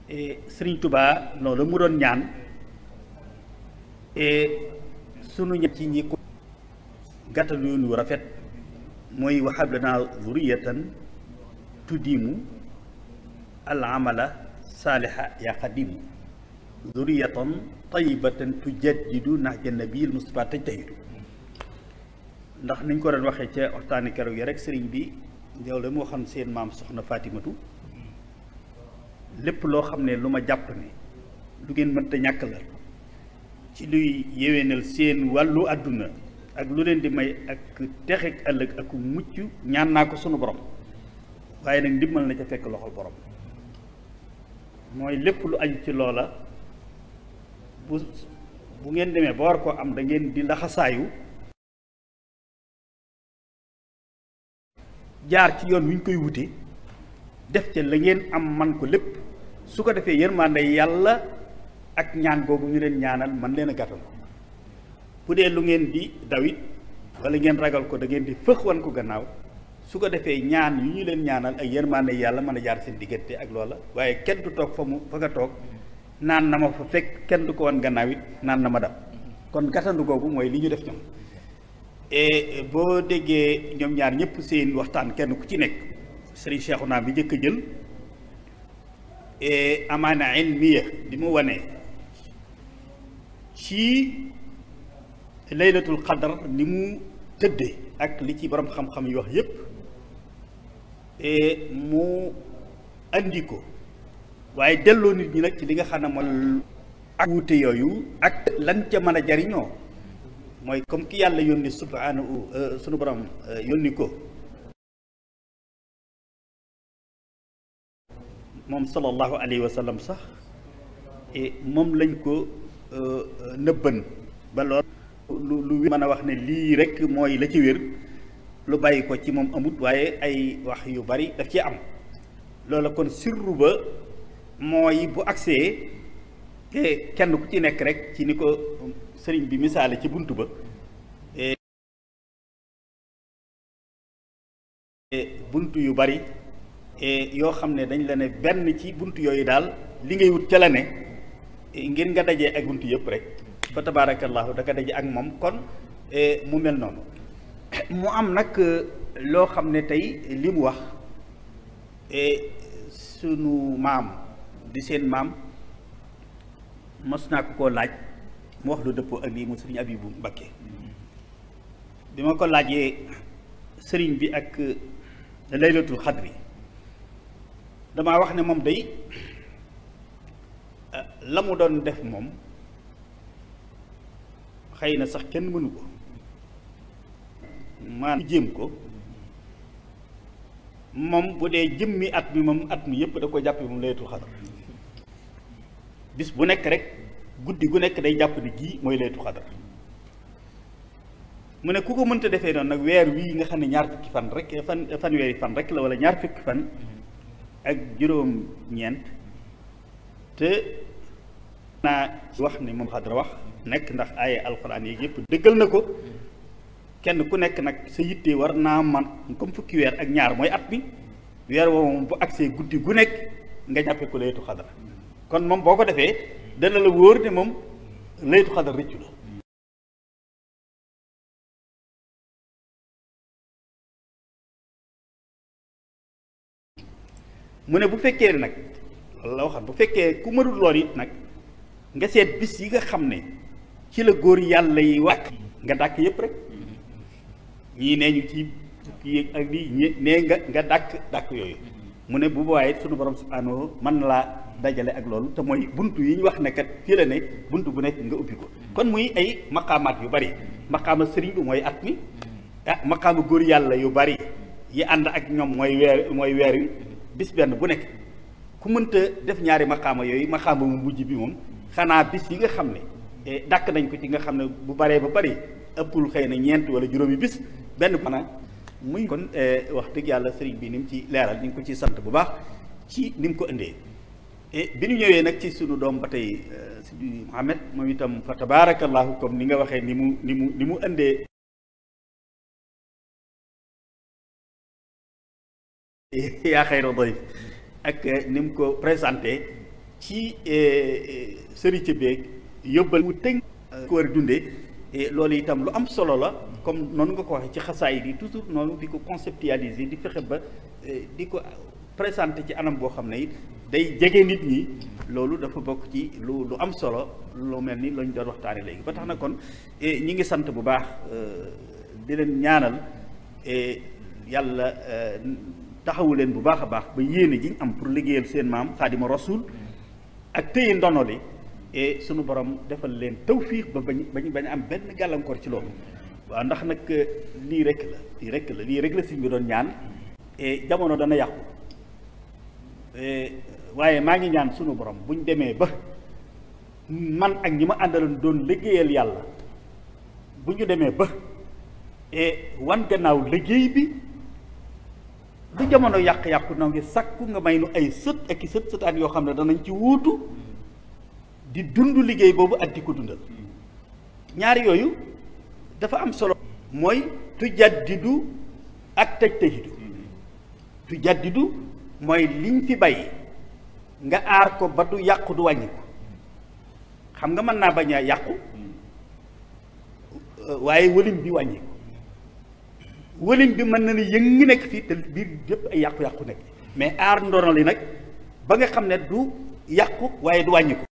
e Sëriñ tubaa loolu mu doon ñaan e sunu ñaan ci ñi ko gàttal yoonu rafet mooy waxab lanaa zuriyatan tuddiimu al amala saaliha yaa qadimu zuriyatan tayyibatan tujaddidu nahja nabiyil mustafa tajtahidu ndax niñ ko doon waxee ca waxtaani keroog yi rek sëriñ bi yow moo xam waxoon seen maam soxna faatimatu lépp loo xam ne lu ma jàpp ne lu ngeen mënta ñàkk la ci luy yéwénal seen wàllu àdduna ak lu leen di may ak texeg ëllëg ak mucc ñaan naa ko sunu borom waaye nag ndimbal na ca fekk loxol borom mooy lépp lu aju ci loola bu bu ngeen demee ba war koo am da ngeen di laxasaayu jaar ci yoon wi ñu koy wute def ca la ngeen am man ko lépp su ko defee yërmande yàlla ak ñaan googu ñu leen ñaanal mën leen a gàttal ko bu dee lu ngeen di dawit wala ngeen ragal ko da ngeen di fëx wan ko gannaaw su ko defee ñaan yu ñu leen ñaanal ak yërmande yàlla mën a jaar seen diggante ak loola waaye kenn du toog fa mu fa nga toog naan na ma fa fekk kenn du ko wan gannaaw it naan na ma dab kon gàttandu googu mooy li ñu def ñoom et boo déggee ñoom ñaar ñëpp seen waxtaan kenn ku ci nekk sëriñ Cheikhouna bi njëkk a jël et amaana ilmiya bi mu wane ci laylatul qadar ni mu tëddee ak li ci borom xam-xam yi wax yépp e, mu andi ko waaye delloo nit ñi nag ci li nga xam ne mooy ak wuute yooyu ak lan ca mën a jariñoo mooy comme ki yàlla yónni subhanahu euh, sunu borom euh, yónni ko moom sallallahu alayhi wa sax e moom lañ ko euh, nëbban ba lool lu lu mën a wax ne lii rek mooy la ci wér lu bàyyi ko ci moom amut waaye ay wax yu bari daf ci am loola kon sirru ba mooy bu agsee kenn ku ci nekk rek ci ni ko sëriñ bi misaale ci bunt ba e e bunt yu bari e yoo xam ne dañ la ne benn ci bunt yooyu daal li ngay wut ca la ne ngir nga daje ak bunt yëpp rek fa tabaarakallaahu da nga daje ak moom kon mu mel noonu mu am nag loo xam ne tey li wax sunu maam di seen maam mos naa ko koo laaj mu wax lu dëppoo ak lii mu sëriñ Abibu Mbakke bi ma ko laajee sëriñ bi ak euh, laylatul xadri damaa wax ne moom day euh, la mu doon def moom xëy na sax kenn mënu ko maanaam jéem ko moom bu dee jëmmi at bi moom at mu yëpp da ko jàppe moom laylatul xadri bis bu nekk rek guddi gu nekk day jàpp ni gii mooy leetu xadar mu ne ku ko mënta defee noonu nag weer wii nga xam ne ñaar fukki fan rek fan fan weeri fan rek la wala ñaar fukki fan ak juróom ñeent te naa wax ne moom xadara wax nekk ndax ay alxuraan yi yëpp dëggal na ko kenn ku nekk nag sa yitte war naa man comme fukki weer ak ñaar mooy at bi weer woo moom bu agsee guddi gu nekk nga jàppee ko leetu xadara kon moom boo ko defee dana la wóor ne moom laytu xadar rëccu la mu ne bu fekkee nag loolu waxam bu fekkee ku mënul lool yi nag nga seet bis yi nga xam ne ci la góor yàlla yi wàkk nga dàkk yépp rek ñii nee ñu ci kii ak lii nee nga nga dàkk dàkk yooyu mu ne bu boobaa sunu sunu borom subhanahu mën na laa dajale ak loolu te mooy buntu yi ñu wax nekkat kat fii la ne buntu bu nekk nga ubbi ko kon muy ay maqaamaat yu bari maqaama sëriñ bi mooy at mi ah góor yàlla yu bari yi ànd ak ñoom mooy weer mooy weer wi bis benn bu nekk ku mënta def ñaari maqaama yooyu maqaama mu mujj bi moom xanaa bis yi nga xam ne eh, dàkk nañ ko ci nga xam ne bu baree ba bari ëppul xëy na ñeent wala juróomi bis benn pana muy kon eh, wax dëgg yàlla sëriñ bi ni mu ci leeral ñu ngi ko ci sant bu baax ci ni mu ko indee et bi ñu ñëwee nag ci suñu doom ba tey euh, Sidi moom itam fa tabaarakallaahu comme ni nga waxee ni mu ni mu ni mu indee yaa xayra dayf ak euh, ni mu ko présenté ci euh, sëriñ beeg yóbbal mu tënk ko war dundee loolu itam lu am solo la comme noonu nga ko waxee ci xasaay di toujours noonu di ko conceptualiser di fexe ba di ko présenté ci anam boo xam ne it day jege nit ñi loolu dafa bokk ci lu lu am solo lu mel ni lañ doon waxtaane léegi ba tax na kon e, ñi ngi sant bu baax e, di leen ñaanal e, yàlla taxawu leen bu baax a baax ba yéene ji ñu am pour liggéeyal seen maam xaadima rasul ak téye ndono li et sunu borom defal leen tawfiix ba bañ bañ bañ am benn gàllankoor ci loolu waaw ndax nag lii rek la lii rek la lii rek la sëñ bi doon ñaan jamono dana yàqu Eh, waaye maa ngi ñaan sunu borom buñ demee ba man ak ñi ma àndaloon doon liggéeyal yàlla bu ñu demee ba eh, wan gannaaw liggéey bi du jamono yàq-yàqu noo ngi sakku nga may nu ay sët ak i sët sëtaan yoo xam ne danañ ci wuutu di dund liggéey boobu ak di ko dundal ñaar yooyu dafa am solo mooy tujaddidu ak taj tajidu tujaddidu mooy liñ fi bay nga aar ko ba du yàqu du wàññi xam nga mën naa bañ a yàqu euh, waaye wëlim bi wàññi ko wëlim bi mën na ni ngi nekk fii te biir yëpp ay yàqu-yàqu nekk mais aar ndono li nag ba nga xam ne du yàqu waaye du wàññi ko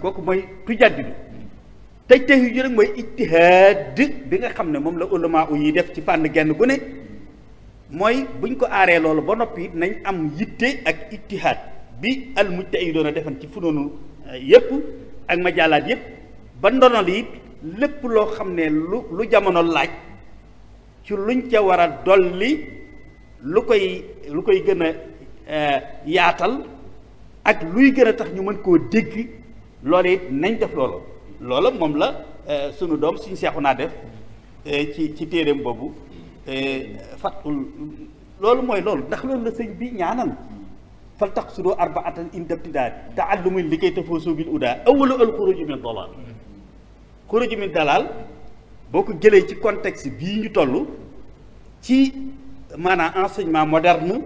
kooku mooy tujaddidu tey tey yu rek mooy ijtihaad bi nga xam ne moom la ulama yi def ci fànn genn gu ne mooy buñ ko aaree loolu ba noppi nañ am yitte ak ijtihaad bi al doon a defan ci funoonu eh, yépp ak majaalaat yépp ba ndonol it lépp loo xam ne lu lu jamono laaj ci luñ ca war a dolli lu koy lu koy gën a eh, yaatal ak luy gën a tax ñu mën koo dégg loolu it nañ def loolu loola moom la euh, sunu doom suñu seexu naa def euh, ci ci téeréem boobu euh, fatul loolu mooy loolu ndax loolu la sëñ bi ñaanal fal tax sudoo arbaatan indabtidaat taallumuy li koy tafoosu bil udaa awalu al xuruju min dalal xuruju min dalal boo ko jëlee ci contexte bii ñu toll ci maanaam enseignement moderne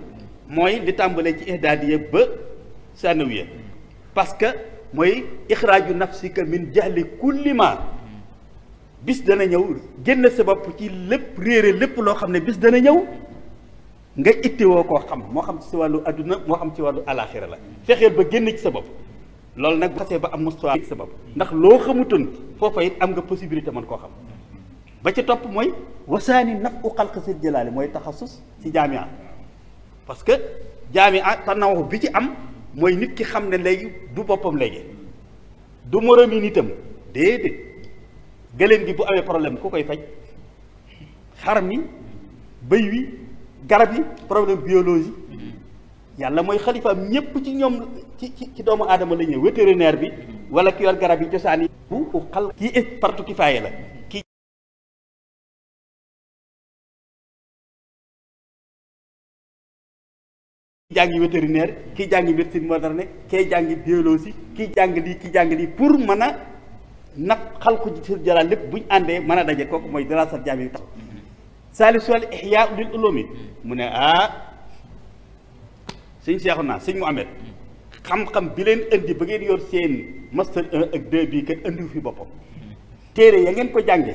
mooy li tàmbalee ci ihdaadiya ba sanawiya parce que mooy si nafsika min jahli kulli ma bis dana ñëw génn sa bopp ci lépp réere lépp loo xam ne bis dana ñëw nga woo koo xam moo xam ci wàllu adduna moo xam ci wàllu alaxira la fexeel ba génn ci sa bopp loolu nag bu xasee ba am mustawa ci sa bopp ndax loo xamutoon foofa it am nga possibilité mën koo xam ba ci topp mooy wasaani naf u xalq sil mooy taxasus ci jaamia parce que jaamia tànnawaxu bi ci am mooy nit ki xam ne léegi du boppam léegi du moroom yi nitam déedéet gëléem gi bu amee problème ku koy faj xar mi bëy wi garab yi problème biologie yàlla mooy xalifaam ñépp ci ñoom ci ci doomu aadama la ñëw vétérinaire bi wala ki yor garab yi cosaan yi bu xal kii it partu kifaaye la kii jàngi vétérinaire kii jàngi médecine moderne kii jàngi biologie kii jàng lii kii jàng lii pour mën a nag xal ko ci jalaal lépp bu ñu àndee mën a daje kooku mooy daraasal jaam yi tax saalisu al ihya lil ulumi mu ne ah sëñ seexu naa sëñ Muhammad xam-xam bi leen indi ba ngeen yoon seen master 1 ak 2 bii kat indiwu fi boppam téere ya ngeen ko jànge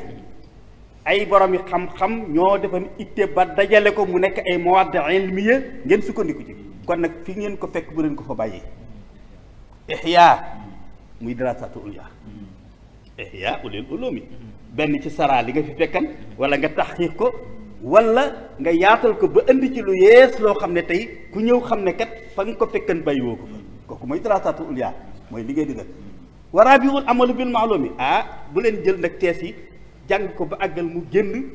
ay borom yi xam-xam ñoo defoon itte ba dajale ko mu nekk ay mawaad ilmiya ngeen sukkandiku ci kon nag fi ngeen ko fekk bu leen ko fa bàyyi ixyaa muy darasaatu ulya ixyaa ulil ulumi benn ci saraa li nga fi fekkan wala nga tax taxqiq ko wala nga yaatal ko ba indi ci lu yees loo xam ne tey ku ñëw xam ne kat fa nga ko fekkan bàyyi woo ko fa kooku mooy darasaatu ulya mooy li ngay di def waraabiwul amalu bil maalumi ah bu leen jël nag tees yi jàng ko ba àggal mu génn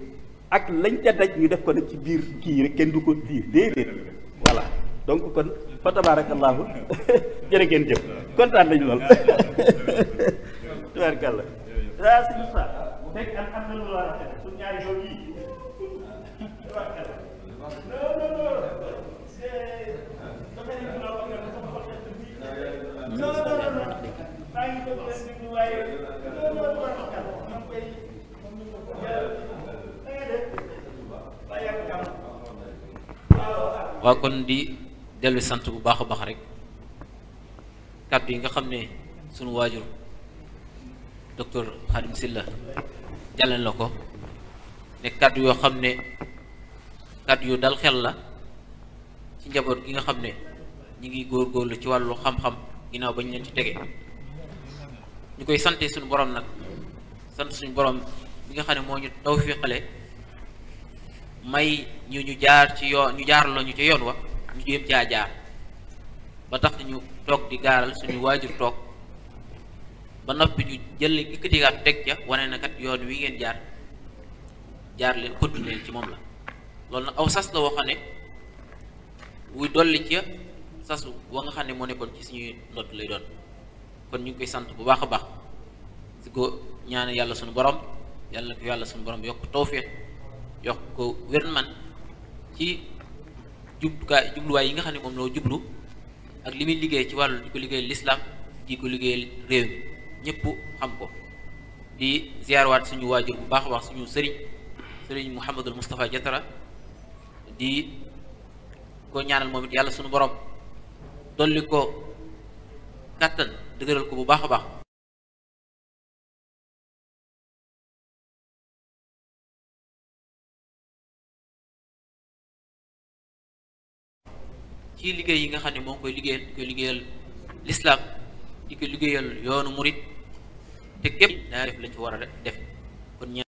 ak lañ ca daj ñu def ko nag ci biir kii rek kenn du ko diir déedéet voilà donc kon fa tabaarakallaahu jërë ngeen jëf kontaan nañu lool tabaarakallaa waa kon di dellu sant bu baax a baax rek kàddu yi nga xam ne suñu waajur docteur Khadim la jàllan la ko ne kàddu yoo xam ne kàddu yu dal xel la ci njaboot gi nga xam ne ñi ngi góorlu ci wàllu xam-xam ginnaaw ba ñu leen ci tege ñu koy sante suñu borom nag sant suñu boroom bi nga xam ne moo ñu tawfiqale may ñu ñu jaar ci yoon ñu jaar ñu ci yoon wa ñu yëpp caa jaar ba tax ñu toog di gaaral suñu waajur toog ba noppi ñu jël yëkkatiwaat teg ja wane na kat yoon wi ngeen jaar jaar leen kudd leen ci moom la loolu nag aw sas la woo xam ne wuy dolli ca sasu wa nga xam ne moo nekkoon ci suñuy ndott lay doon kon ñu ngi koy sant bu baax a baax si ko ñaan yàlla suñu borom yàlla na ko yàlla suñu borom yokk tawfiq yokk ko wér man ci jublukaay jubluwaay yi nga xam ne moom loo jublu ak li muy liggéey ci wàllu di ko liggéey lislaam di ko liggéeyal réew mi ñëpp xam ko di ziarwaat suñu waajur bu baax a baax suñu sëriñ sëriñ Mouhamadul Moustapha Jatara di ko ñaanal moom it yàlla suñu boroom dolli ko kàttan dëgëral ko bu baax a baax ci liggéey yi nga xam ne moo koy liggéeyal di ko liggéeyal lislaam di ko liggéeyal yoonu murit te képp daa def lañ fa war a def kon ñaan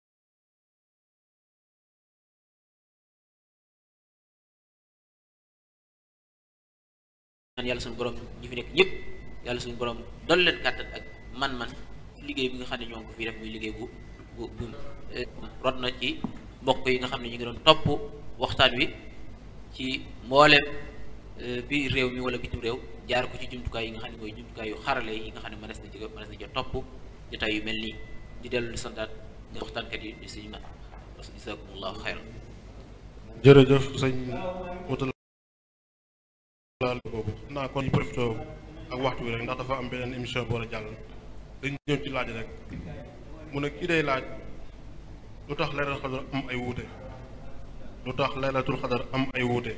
yàlla suñu borom ñi fi nekk ñëpp yàlla suñu borom dool kàttan ak man-man liggéey bi nga xam ne ñoo ngi ko fi def muy liggéey bu bu bu eh, rot na ci mbokk yi nga xam ne ñu ngi doon topp waxtaan wi ci mboolem Euh, biir réew mi wala bitim réew jaar ko ci jumtukaay yi nga xam ne mooy yu xarale yi nga xam ne mënees na ci mënees na ci topp jotaay yu mel nii di dellu di santaat nga waxtaankat yi di suñu mat jërëjëf sëñ mutulaal boobu naa kon profité ak waxtu wi rek ndax dafa am beneen émission boo la jàll dañ ñëw ci laaj rek mu ne kii day laaj lu tax leeratul xadar am ay wuute lu tax leeratul xadar am ay wuute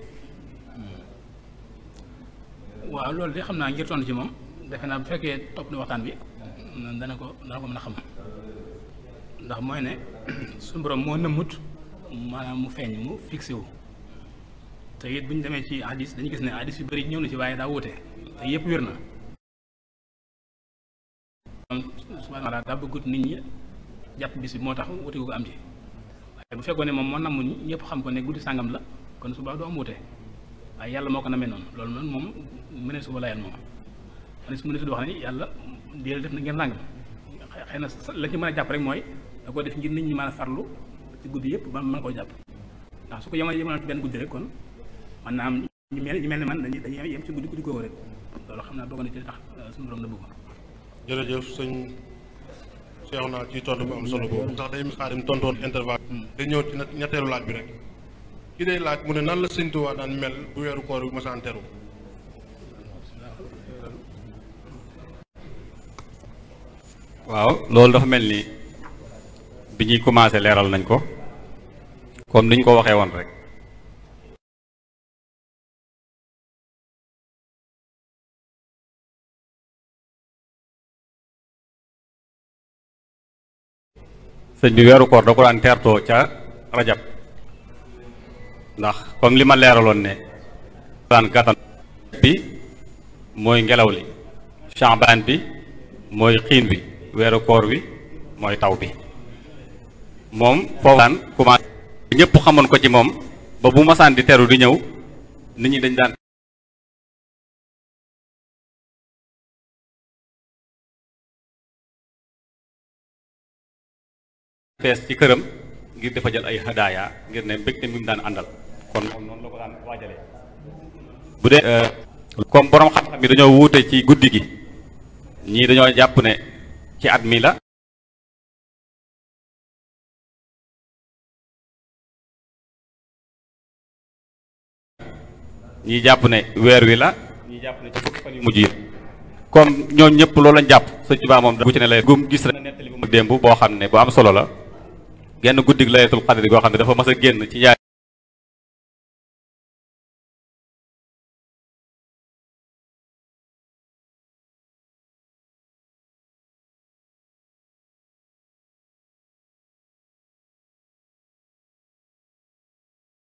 waaw loolu de xam naa ngir tontu ci moom defe naa bu fekkee topp na waxtaan bi dana ko dana ko mën a xam ndax mooy ne suñu borom moo nëmmut maanaam mu feeñ mu fixé wu te it bu ñu demee ci hadis dañu gis ne hadis yu bëri ñëw na ci waaye daa wuute te yëpp wér na. subhaana taala daa bëggut nit ñi jàpp bis bi moo tax wuute gu ko am ci waaye bu fekkoon ne moom moo ñu ñëpp xam ko ne guddi sàngam la kon suba du am wuute. waaye yàlla moo ko namee noonu loolu man moom mënee su ko layal moom mënee su mënee su wax ne yàlla déedéet def na ngeen nangam xëy na lañ ci mën a jàpp rek mooy da ko def ngir nit ñi mën a farlu ci guddi yëpp ba mën koo jàpp ndax su ko yemal yemal ci benn guddi rek kon mën naa am ñu mel ne man dañuy dañuy yem ci guddi guddi googu rek loolu xam naa bokk na ci tax euh, suñu borom la bëgg jërëjëf sëñ Cheikh naa ci tontu bu am solo boobu ndax day xaarim tontoon intervalle hmm. day ñëw ci ñetteelu laaj bi rek ki day laaj mu ne nan la sëñ Tuubaa daan mel bu weeru koor bi mosaan teru waaw loolu dafa mel ni bi ñuy commencé leeral nañ ko kon ni ko waxee woon rek sëñ bi weeru ko daan teertoo ca rajab ndax comme li ma leeraloon ne daan gàttan bi mooy ngelaw li chambaan bi mooy xiin bi weeru koor wi mooy taw bi moom foofu daan commencé ñëpp xamoon ko ci moom ba bu masaan di teru di ñëw nit ñi dañ daan fees ci këram ngir dafa jël ay hadaaya ngir ne mbégte mi mu daan àndal kon moom noonu la ko daan waajalee bu dee euh, comme borom xam-xam yi dañoo wuute ci guddi gi ñii dañoo jàpp ne ci at mi la ñii jàpp ne weer wi la ñii jàpp ne ci fukki fan yu mujj yi comme ñoo ñëpp loolu lañ jàpp sa Tuubaa moom bu ci ne lay gum gis rek nettali bu mu démb boo xam ne bu am solo la genn guddig layatul xadri goo xam ne dafa mas génn ci njaay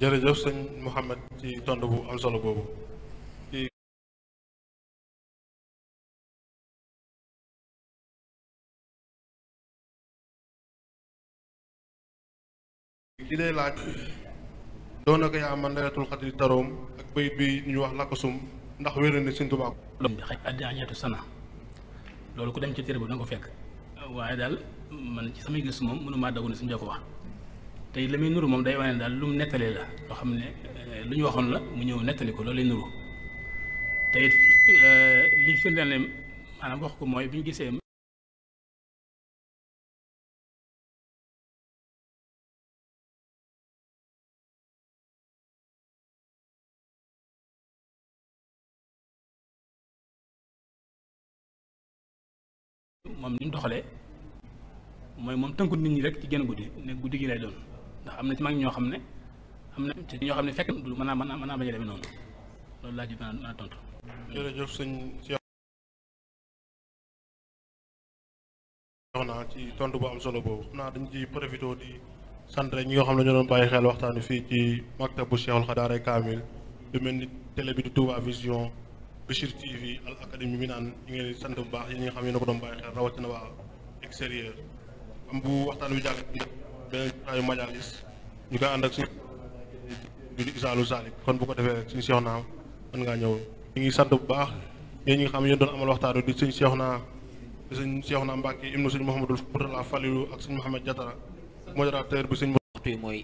jërëjëf sëñ Mouhamed ci tontu bu am solo boobu ci ki day laaj doona ko yaa man laylatul xadri taroom ak bayit bi ñu wax lakkasum ndax wér na sëñ Tuubaa xaj addi sana loolu ku dem ci téere bi danga ko fekk waaye daal man ci samay gis moom mënumaa dagu ne si ko wax tey la muy nuru moom day wane daal lu mu nettali la loo xam ne euh, lu waxoon la mu ñëw nettali ko loolu lay nuru te it euh, li ne maanaam wax ko mooy bi ñu gisee moom ni mu doxalee mooy moom tënku nit ñi rek ci genn guddi ne guddi gi lay doon ndax am na ci mag ñoo xam ne am na ci ñoo xam ne fekk du mën a a mën a bañ a demee noonu loolu laa ci mën a mën a tontu. jërëjëf sëñ Cheikhouna ci tontu bu am solo boobu xam naa dañ ci profité di sant rek ñi nga xam ne ñoo doon bàyyi waxtaan wi fii ci maktabu Cheikhul Khadaare Kamil lu mel ni télé bi di Touba Vision Bichir TV al académie mi naan ñu ngi sant bu baax yéen ñi nga xam ne ñoo ko doon bàyyi xel rawatina waa extérieur am bu waxtaan wi jàll. beneen jotaayu majalis ñu koy ànd ak suñu bi di isaalu salik kon bu ko defee rek suñu seex naa mën ngaa ñëw ñu ngi sant bu baax yéen ñi xam ne ñoo doon amal waxtaan di suñu seex naa di suñu seex naa Mbàkke ibnu suñu Mouhamadou Bourala Falilou ak suñu Mouhamed Diatara modérateur bi suñu waxtu yi mooy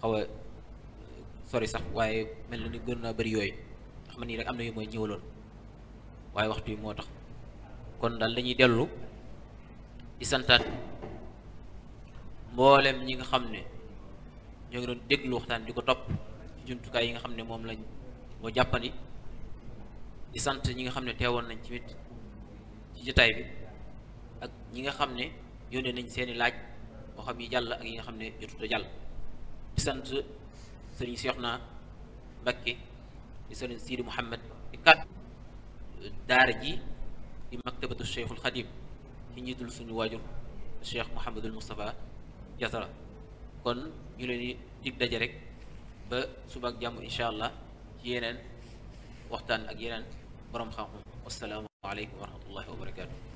xaw a sori sax waaye mel na ni gën naa bëri yooyu xam nii rek am na yu mooy ñëwaloon waaye waxtu yi moo tax kon daal dañuy dellu di santaat mboolem ñi nga xam ne ñoo ngi doon déglu waxtaan di ko topp ci jumtukaay yi nga xam ne moom lañ moo jàppandi di sant ñi nga xam ne teewoon nañ ci mit ci jotaay bi ak ñi nga xam ne yone nañ seeni laaj moo yi jàll ak yi nga xam ne jotut a jàll di sant sëriñ Seexna Mbakke di sëriñ Sidi Muhammad di kat daara ji di maktabatu Cheikhul Xadim ci njiitul suñu waajur Cheikh Mouhamadul Moustapha jatara kon ñu leen di dig daje rek ba suba ak jàmm incha allah ci yeneen waxtaan ak yeneen borom xam-xam wasalaamu aleykum wa rahmatullahi wa barakatu